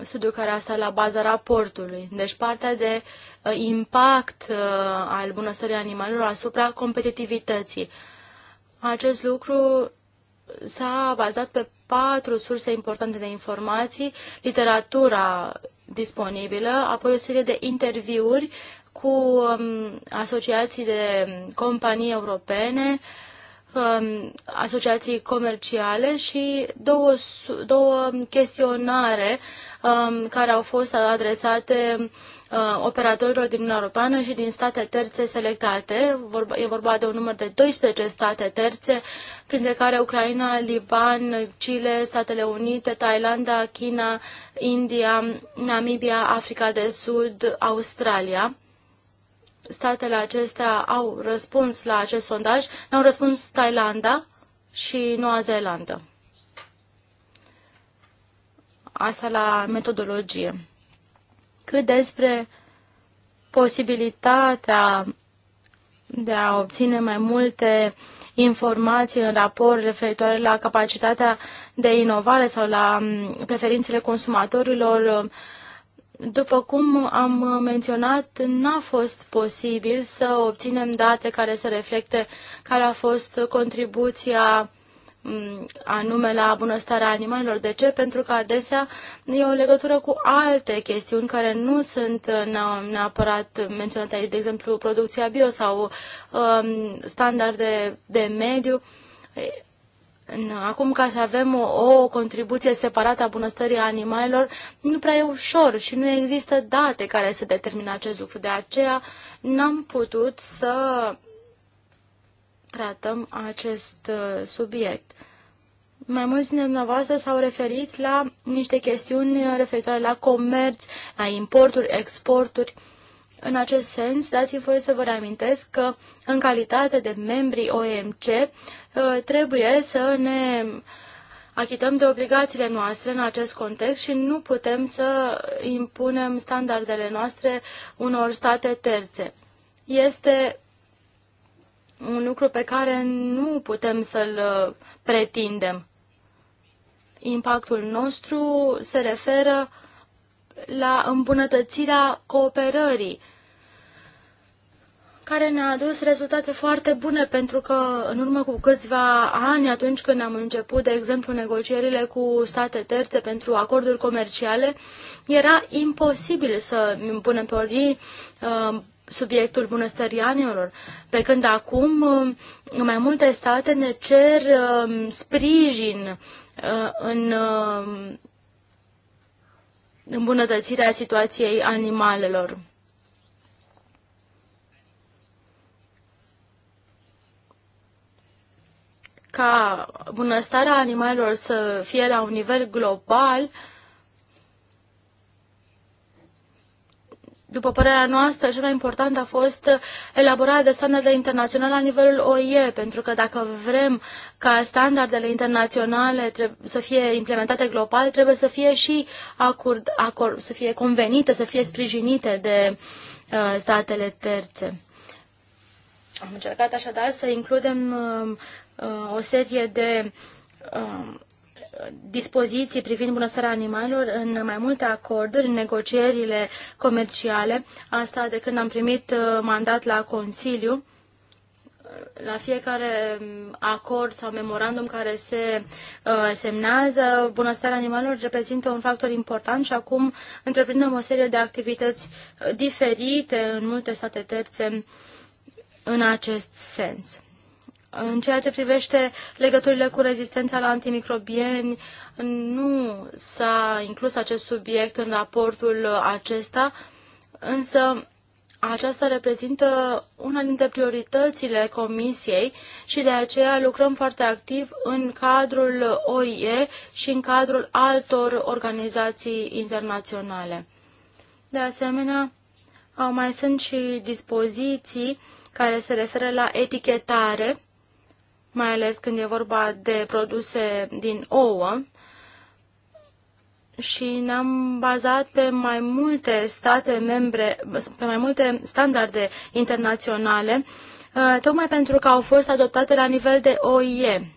Studiul care a stat la baza raportului. Deci partea de uh, impact uh, al bunăstării animalelor asupra competitivității. Acest lucru s-a bazat pe patru surse importante de informații, literatura disponibilă, apoi o serie de interviuri cu um, asociații de companii europene, um, asociații comerciale și două, două chestionare um, care au fost adresate Uh, operatorilor din Uniunea Europeană și din state terțe selectate. Vorba, e vorba de un număr de 12 state terțe, printre care Ucraina, Liban, Chile, Statele Unite, Thailanda, China, India, Namibia, Africa de Sud, Australia. Statele acestea au răspuns la acest sondaj. ne au răspuns Thailanda și Noua Zeelandă. Asta la metodologie cât despre posibilitatea de a obține mai multe informații în raport referitoare la capacitatea de inovare sau la preferințele consumatorilor. După cum am menționat, n-a fost posibil să obținem date care să reflecte care a fost contribuția Mm, anume la bunăstarea animalelor. De ce? Pentru că adesea e o legătură cu alte chestiuni care nu sunt uh, neapărat menționate aici, de exemplu producția bio sau um, standarde de mediu. Acum, ca să avem o, o contribuție separată a bunăstării animalelor, nu prea e ușor și nu există date care să determină acest lucru. De aceea, n-am putut să tratăm acest uh, subiect. Mai mulți dintre dumneavoastră s-au referit la niște chestiuni referitoare la comerț, la importuri, exporturi. În acest sens, dați-mi voie să vă reamintesc că, în calitate de membri OMC, uh, trebuie să ne achităm de obligațiile noastre în acest context și nu putem să impunem standardele noastre unor state terțe. Este un lucru pe care nu putem să-l uh, pretindem. Impactul nostru se referă la îmbunătățirea cooperării, care ne-a adus rezultate foarte bune, pentru că în urmă cu câțiva ani, atunci când am început, de exemplu, negocierile cu state terțe pentru acorduri comerciale, era imposibil să punem pe o zi uh, subiectul bunăstării animalelor, pe când acum uh, mai multe state ne cer uh, sprijin uh, în îmbunătățirea situației animalelor. Ca bunăstarea animalelor să fie la un nivel global, După părerea noastră, cel mai important a fost elaborarea de standarde internaționale la nivelul OIE, pentru că dacă vrem ca standardele internaționale să fie implementate global, trebuie să fie și acord, acord, să fie convenite, să fie sprijinite de uh, statele terțe. Am încercat așadar să includem uh, uh, o serie de uh, dispoziții privind bunăstarea animalelor în mai multe acorduri, în negocierile comerciale, asta de când am primit uh, mandat la Consiliu uh, la fiecare um, acord sau memorandum care se uh, semnează, bunăstarea animalelor reprezintă un factor important și acum întreprindem o serie de activități uh, diferite în multe state terțe în acest sens. În ceea ce privește legăturile cu rezistența la antimicrobieni, nu s-a inclus acest subiect în raportul acesta, însă aceasta reprezintă una dintre prioritățile Comisiei și de aceea lucrăm foarte activ în cadrul OIE și în cadrul altor organizații internaționale. De asemenea, au mai sunt și dispoziții care se referă la etichetare mai ales când e vorba de produse din ouă, și ne-am bazat pe mai multe state membre, pe mai multe standarde internaționale, uh, tocmai pentru că au fost adoptate la nivel de OIE.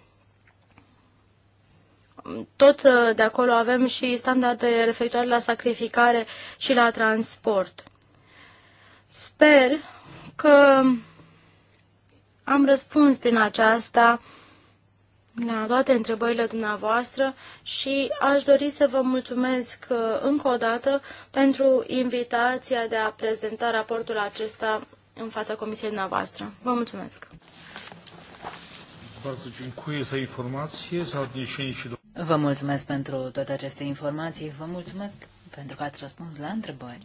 Tot uh, de acolo avem și standarde referitoare la sacrificare și la transport. Sper că am răspuns prin aceasta la toate întrebările dumneavoastră și aș dori să vă mulțumesc uh, încă o dată pentru invitația de a prezenta raportul acesta în fața comisiei dumneavoastră. Vă mulțumesc! Vă
mulțumesc pentru toate aceste informații, vă mulțumesc pentru că ați răspuns la întrebări.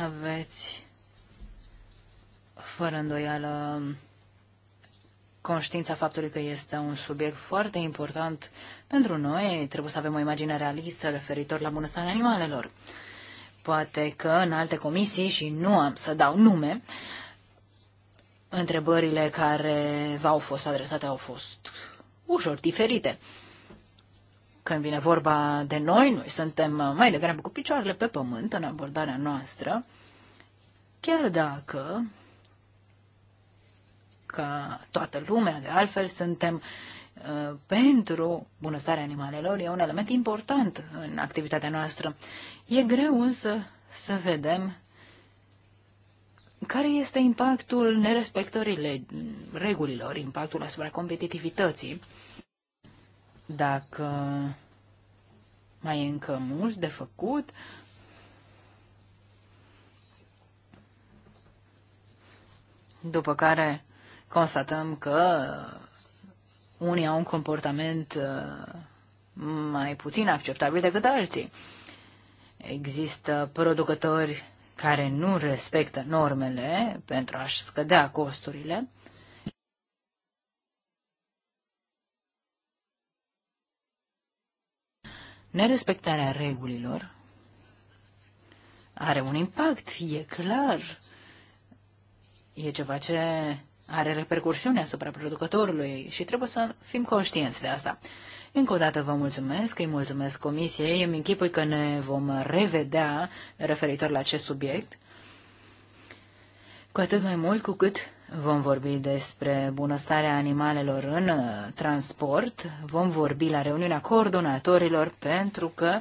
Aveți, fără îndoială, conștiința faptului că este un subiect foarte important pentru noi. Trebuie să avem o imagine realistă referitor la bunăstarea animalelor. Poate că în alte comisii, și nu am să dau nume, întrebările care v-au fost adresate au fost ușor diferite. Când vine vorba de noi, noi suntem uh, mai degrabă cu picioarele pe pământ în abordarea noastră, chiar dacă, ca toată lumea de altfel, suntem uh, pentru bunăstarea animalelor e un element important în activitatea noastră. E greu însă să vedem care este impactul nerespectării regulilor, impactul asupra competitivității dacă mai e încă mult de făcut. După care constatăm că unii au un comportament uh, mai puțin acceptabil decât alții. Există producători care nu respectă normele pentru a-și scădea costurile nerespectarea regulilor are un impact, e clar. E ceva ce are repercursiune asupra producătorului și trebuie să fim conștienți de asta. Încă o dată vă mulțumesc, îi mulțumesc comisiei, îmi închipui că ne vom revedea referitor la acest subiect, cu atât mai mult cu cât Vom vorbi despre bunăstarea animalelor în uh, transport, vom vorbi la reuniunea coordonatorilor pentru că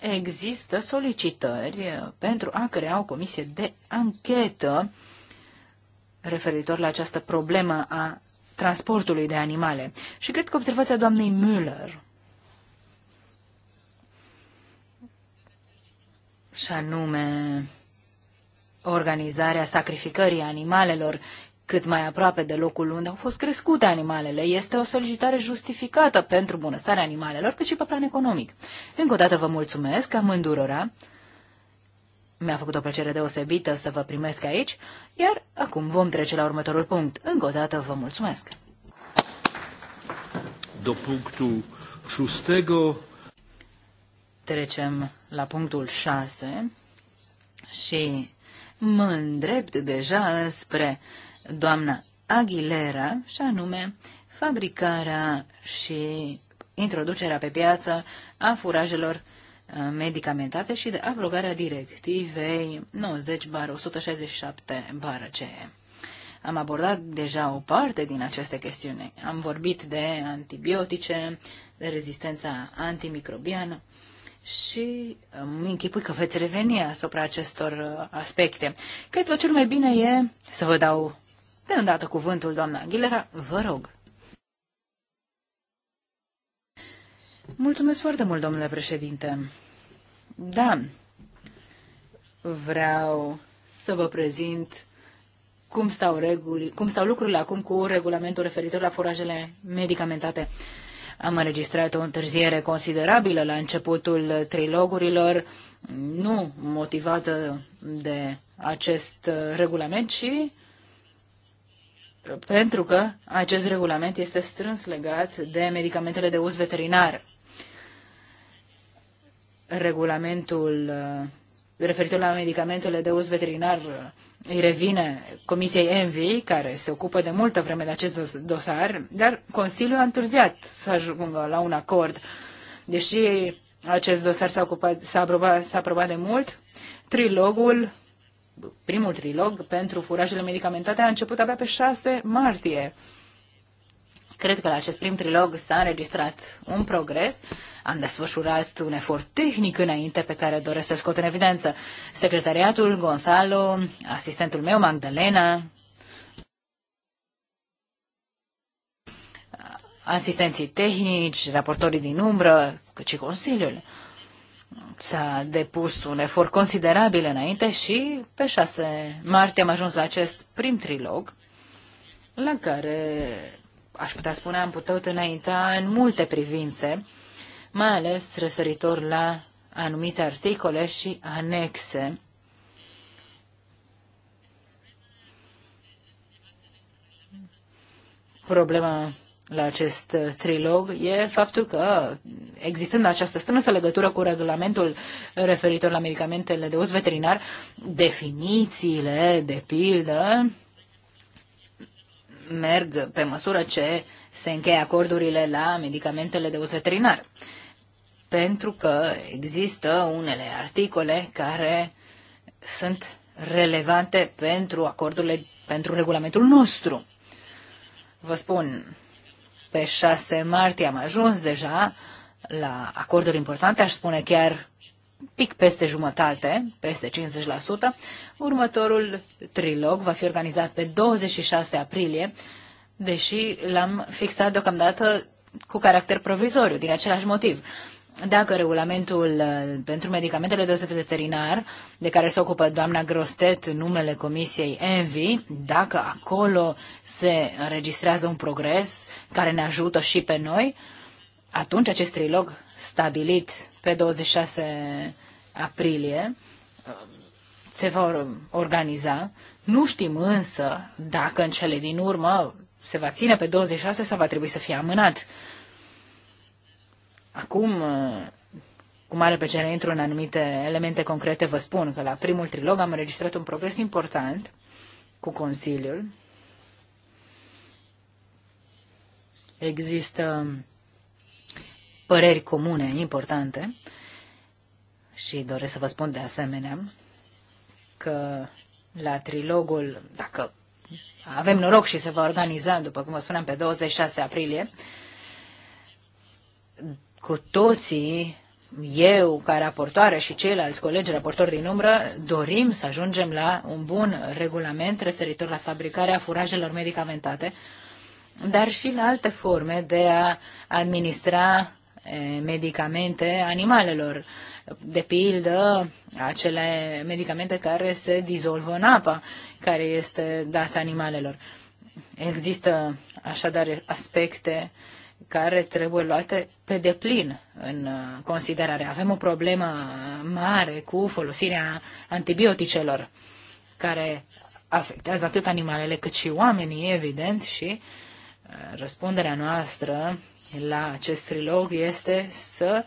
există solicitări uh, pentru a crea o comisie de anchetă referitor la această problemă a transportului de animale. Și cred că observația doamnei Müller, și anume organizarea sacrificării animalelor cât mai aproape de locul unde au fost crescute animalele. Este o solicitare justificată pentru bunăstarea animalelor, cât și pe plan economic. Încă o dată vă mulțumesc, am îndurora. Mi-a făcut o plăcere deosebită să vă primesc aici, iar acum vom trece la următorul punct. Încă o dată vă mulțumesc.
Do punctul șustego.
Trecem la punctul 6 și mă îndrept deja spre uh, doamna Aguilera, și anume fabricarea și introducerea pe piață a furajelor uh, medicamentate și de abrogarea directivei 90-167-CE. Am abordat deja o parte din aceste chestiuni. Am vorbit de antibiotice, de rezistența antimicrobiană și îmi închipui că veți reveni asupra acestor uh, aspecte. Cred că cel mai bine e să vă dau de îndată cuvântul, doamna Aguilera, vă rog. Mulțumesc foarte mult, domnule președinte. Da, vreau să vă prezint cum stau, reguli, cum stau lucrurile acum cu regulamentul referitor la furajele medicamentate. Am înregistrat o întârziere considerabilă la începutul trilogurilor, nu motivată de acest regulament, ci pentru că acest regulament este strâns legat de medicamentele de uz veterinar. Regulamentul uh, referitor la medicamentele de uz veterinar uh, îi revine Comisiei Envi, care se ocupă de multă vreme de acest dosar, dar Consiliul a întârziat să ajungă la un acord. Deși acest dosar s-a, aprobat, s-a aprobat de mult, trilogul primul trilog pentru furajele medicamentate a început abia pe 6 martie. Cred că la acest prim trilog s-a înregistrat un progres. Am desfășurat un efort tehnic înainte pe care doresc să-l scot în evidență. Secretariatul, Gonzalo, asistentul meu, Magdalena, asistenții tehnici, raportorii din umbră, cât și Consiliul. S-a depus un efort considerabil înainte și pe 6 martie am ajuns la acest prim trilog, la care, aș putea spune, am putut înainta în multe privințe, mai ales referitor la anumite articole și anexe. Problema la acest uh, trilog e faptul că, existând această strânsă legătură cu regulamentul referitor la medicamentele de uz veterinar, definițiile, de pildă, merg pe măsură ce se încheie acordurile la medicamentele de uz veterinar. Pentru că există unele articole care sunt relevante pentru acordurile, pentru regulamentul nostru. Vă spun, pe 6 martie am ajuns deja la acorduri importante, aș spune chiar pic peste jumătate, peste 50%. Următorul trilog va fi organizat pe 26 aprilie, deși l-am fixat deocamdată cu caracter provizoriu, din același motiv dacă regulamentul uh, pentru medicamentele de uzet veterinar, de care se ocupă doamna Grostet numele Comisiei Envi, dacă acolo se înregistrează un progres care ne ajută și pe noi, atunci acest trilog stabilit pe 26 aprilie uh, se va organiza. Nu știm însă dacă în cele din urmă se va ține pe 26 sau va trebui să fie amânat. Acum, uh, cu mare plăcere intru în anumite elemente concrete, vă spun că la primul trilog am înregistrat un progres important cu Consiliul. Există păreri comune importante și doresc să vă spun de asemenea că la trilogul, dacă avem noroc și se va organiza, după cum vă spuneam, pe 26 aprilie, cu toții, eu ca raportoare și ceilalți colegi raportori din umbră, dorim să ajungem la un bun regulament referitor la fabricarea furajelor medicamentate, dar și la alte forme de a administra eh, medicamente animalelor. De pildă, acele medicamente care se dizolvă în apa care este dată animalelor. Există așadar aspecte care trebuie luate pe deplin în uh, considerare. Avem o problemă mare cu folosirea antibioticelor, care afectează atât animalele cât și oamenii, evident, și uh, răspunderea noastră la acest trilog este să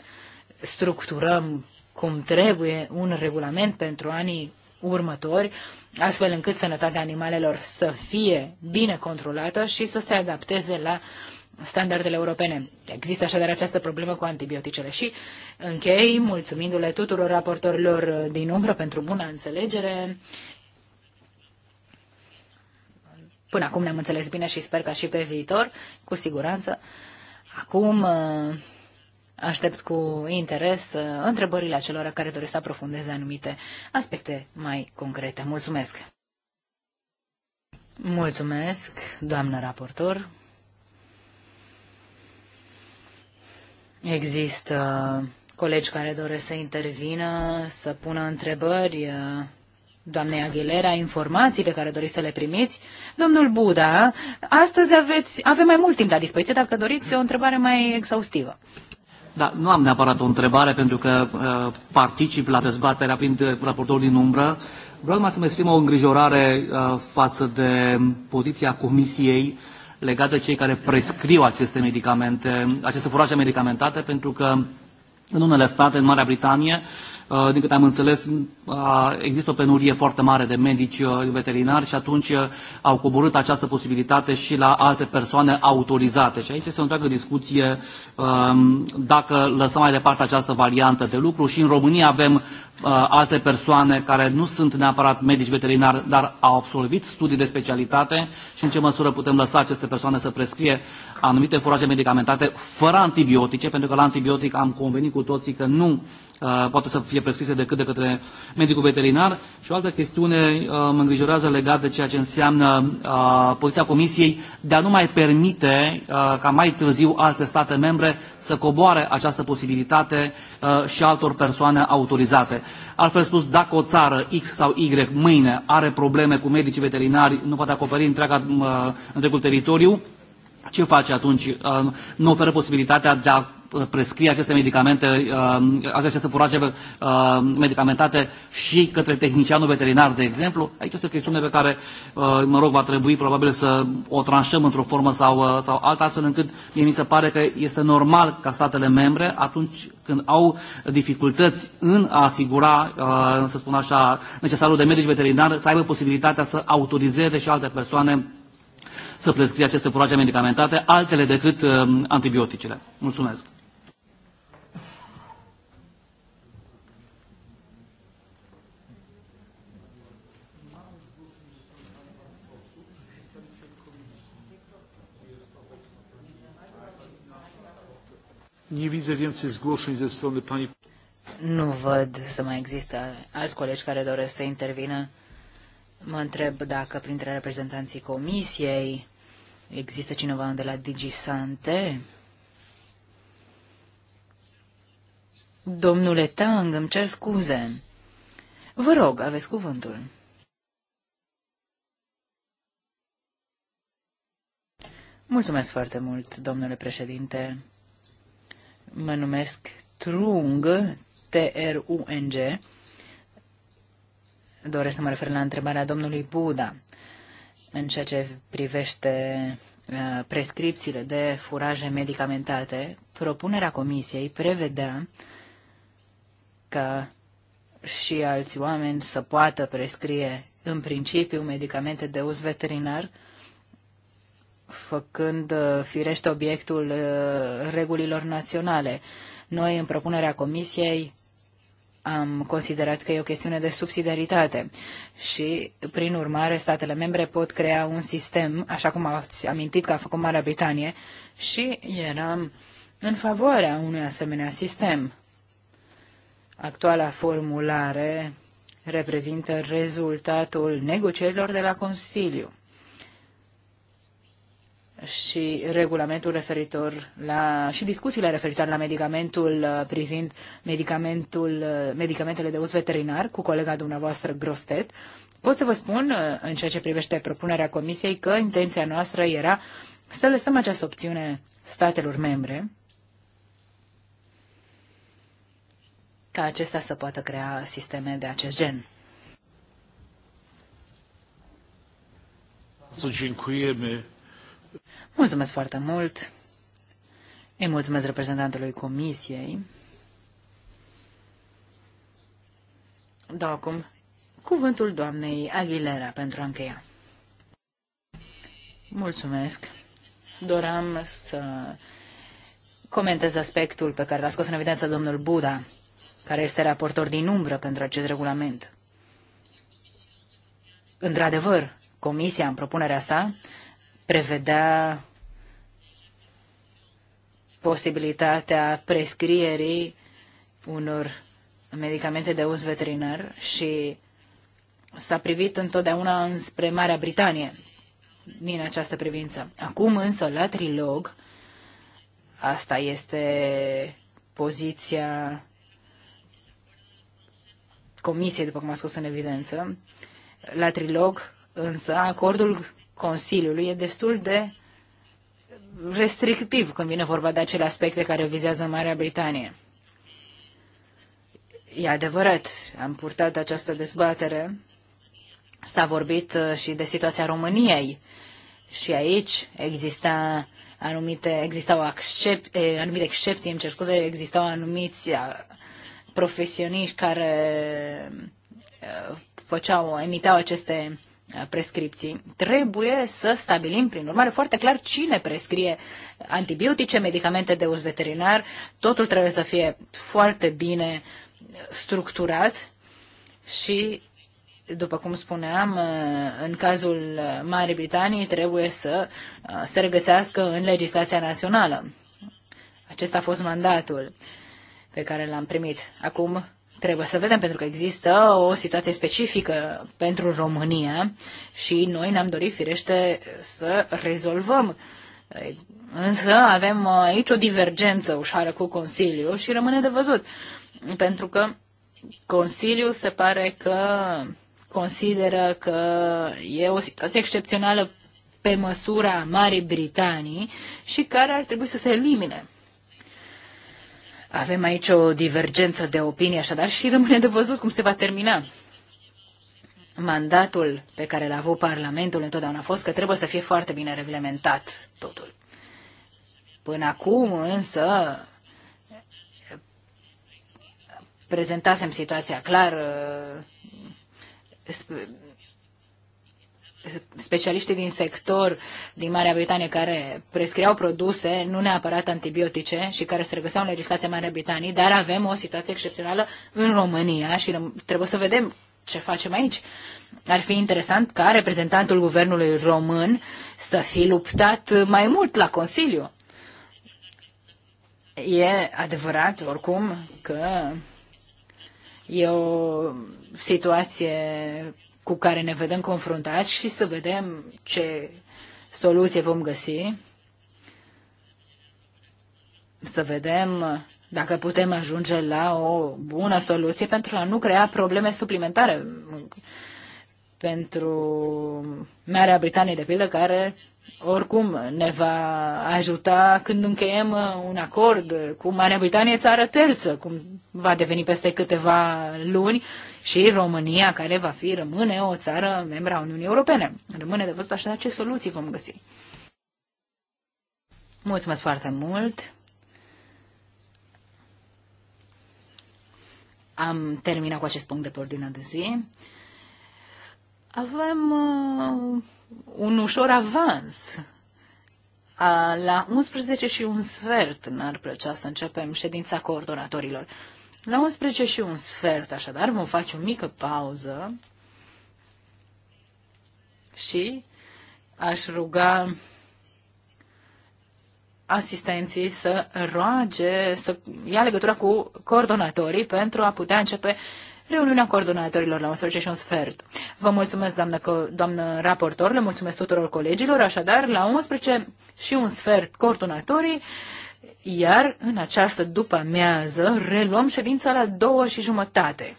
structurăm cum trebuie un regulament pentru anii următori, astfel încât sănătatea animalelor să fie bine controlată și să se adapteze la uh, standardele europene. Există așadar această problemă cu antibioticele și închei mulțumindu-le tuturor raportorilor din umbră pentru bună înțelegere. Până acum ne-am înțeles bine și sper ca și pe viitor, cu siguranță. Acum aștept cu interes uh, întrebările celor care doresc să aprofundeze anumite aspecte mai concrete. Mulțumesc! Mulțumesc, doamnă raportor! Există colegi care doresc să intervină, să pună întrebări uh, doamnei Aguilera, informații pe care doriți să le primiți. Domnul Buda, astăzi aveți, avem mai mult timp la dispoziție dacă doriți o întrebare mai exhaustivă.
Da, nu am neapărat o întrebare pentru că uh, particip la dezbaterea prin uh, raportorul din umbră. Vreau numai să-mi exprim o îngrijorare uh, față de poziția Comisiei uh, legat de cei care prescriu aceste medicamente, aceste furaje medicamentate, pentru că în unele state, în Marea Britanie, Uh, din câte am înțeles, uh, există o penurie foarte mare de medici uh, veterinari și atunci au coborât această posibilitate și la alte persoane autorizate. Și aici este o întreagă discuție um, dacă lăsăm mai departe această variantă de lucru și în România avem alte persoane care nu sunt neapărat medici veterinari, dar au absolvit studii de specialitate și în ce măsură putem lăsa aceste persoane să prescrie anumite furaje medicamentate fără antibiotice, pentru că la antibiotic am convenit cu toții că nu Uh, poate să fie prescrise decât de către medicul veterinar. Și o altă chestiune uh, mă îngrijorează legat de ceea ce înseamnă uh, poziția Comisiei de a nu mai permite ca mai târziu alte state membre să coboare această posibilitate și altor persoane autorizate. Altfel spus, dacă o țară X sau Y mâine are probleme cu medicii veterinari, nu poate acoperi întreaga, întregul teritoriu, ce face atunci? Nu oferă posibilitatea de a prescrie aceste medicamente, um, aceste furaje uh, medicamentate și către tehnicianul veterinar, de exemplu. Aici este o chestiune pe care, uh, mă rog, va trebui probabil să o tranșăm într-o formă sau, uh, sau alta, astfel încât mie mi se pare că este normal ca statele membre, atunci când au dificultăți în a asigura, să spun așa, necesarul de medici veterinar, să aibă posibilitatea să autorizeze și alte persoane să prescrie aceste furaje medicamentate, altele decât um, antibioticele. Mulțumesc!
Nu văd să mai există alți colegi care doresc să intervină. Mă întreb dacă printre reprezentanții comisiei există cineva de la DigiSante. Domnule Tang, îmi cer scuze. Vă rog, aveți cuvântul. Mulțumesc foarte mult, domnule președinte mă numesc Trung, T-R-U-N-G, doresc să mă refer la întrebarea domnului Buda în ceea ce privește uh, prescripțiile de furaje medicamentate, propunerea comisiei prevedea ca și alți oameni să poată prescrie în principiu medicamente de uz veterinar făcând uh, firește obiectul uh, regulilor naționale. Noi, în propunerea Comisiei, am considerat că e o chestiune de subsidiaritate și, prin urmare, statele membre pot crea un sistem, așa cum ați amintit că a făcut Marea Britanie, și eram în favoarea unui asemenea sistem. Actuala formulare reprezintă rezultatul negocierilor de la Consiliu și regulamentul referitor la și discuțiile referitoare la medicamentul uh, privind medicamentul, uh, medicamentele de uz veterinar cu colega dumneavoastră Grostet. Pot să vă spun, uh, în ceea ce privește propunerea Comisiei, că intenția noastră era să lăsăm această opțiune statelor membre ca acesta să poată crea sisteme de acest gen. Să Mulțumesc foarte mult. Îi mulțumesc reprezentantului Comisiei. Dau acum cuvântul doamnei Aguilera pentru a încheia. Mulțumesc. Doram să comentez aspectul pe care l-a scos în evidență domnul Buda, care este raportor din umbră pentru acest regulament. Într-adevăr, Comisia, în propunerea sa, prevedea posibilitatea prescrierii unor medicamente de uz veterinar și s-a privit întotdeauna înspre Marea Britanie din această privință. Acum însă, la trilog, asta este poziția comisiei, după cum a scos în evidență, la trilog, însă, acordul Consiliului e destul de restrictiv când vine vorba de acele aspecte care vizează Marea Britanie. E adevărat, am purtat această dezbatere. S-a vorbit uh, și de situația României și aici exista anumite, existau accep, anumite excepții, îmi cer scuze, existau anumiți uh, profesioniști care uh, făceau, emiteau aceste Uh, prescripții. Trebuie să stabilim, prin urmare, foarte clar cine prescrie antibiotice, medicamente de uz veterinar. Totul trebuie să fie foarte bine structurat și, după cum spuneam, uh, în cazul Marii Britanii trebuie să uh, se regăsească în legislația națională. Acesta a fost mandatul pe care l-am primit. Acum Trebuie să vedem, pentru că există o situație specifică pentru România și noi ne-am dorit, firește, să rezolvăm. Însă avem aici o divergență ușoară cu Consiliul și rămâne de văzut. Pentru că Consiliul se pare că consideră că e o situație excepțională pe măsura Marii Britanii și care ar trebui să se elimine avem aici o divergență de opinie, așadar, și rămâne de văzut cum se va termina. Mandatul pe care l-a avut Parlamentul întotdeauna a fost că trebuie să fie foarte bine reglementat totul. Până acum, însă, prezentasem situația clar specialiștii din sector din Marea Britanie care prescriau produse, nu neapărat antibiotice, și care se regăseau în legislația Marea Britanie, dar avem o situație excepțională în România și trebuie să vedem ce facem aici. Ar fi interesant ca reprezentantul guvernului român să fi luptat mai mult la Consiliu. E adevărat, oricum, că e o situație cu care ne vedem confruntați și să vedem ce soluție vom găsi, să vedem dacă putem ajunge la o bună soluție pentru a nu crea probleme suplimentare pentru Marea Britanie, de pildă, care oricum ne va ajuta când încheiem uh, un acord cu Marea Britanie, țară terță, cum va deveni peste câteva luni, și România, care va fi, rămâne o țară membra a Uniunii Europene. Rămâne de văzut așa ce soluții vom găsi. Mulțumesc foarte mult! Am terminat cu acest punct de pe ordinea de zi. Avem uh, un ușor avans. La 11 și un sfert n-ar plăcea să începem ședința coordonatorilor. La 11 și un sfert, așadar, vom face o mică pauză și aș ruga asistenții să roage, să ia legătura cu coordonatorii pentru a putea începe reuniunea coordonatorilor la 11 și un sfert. Vă mulțumesc, doamnă, doamnă raportor, le mulțumesc tuturor colegilor, așadar, la 11 și un sfert coordonatorii, iar în această după amiază reluăm ședința la două și jumătate.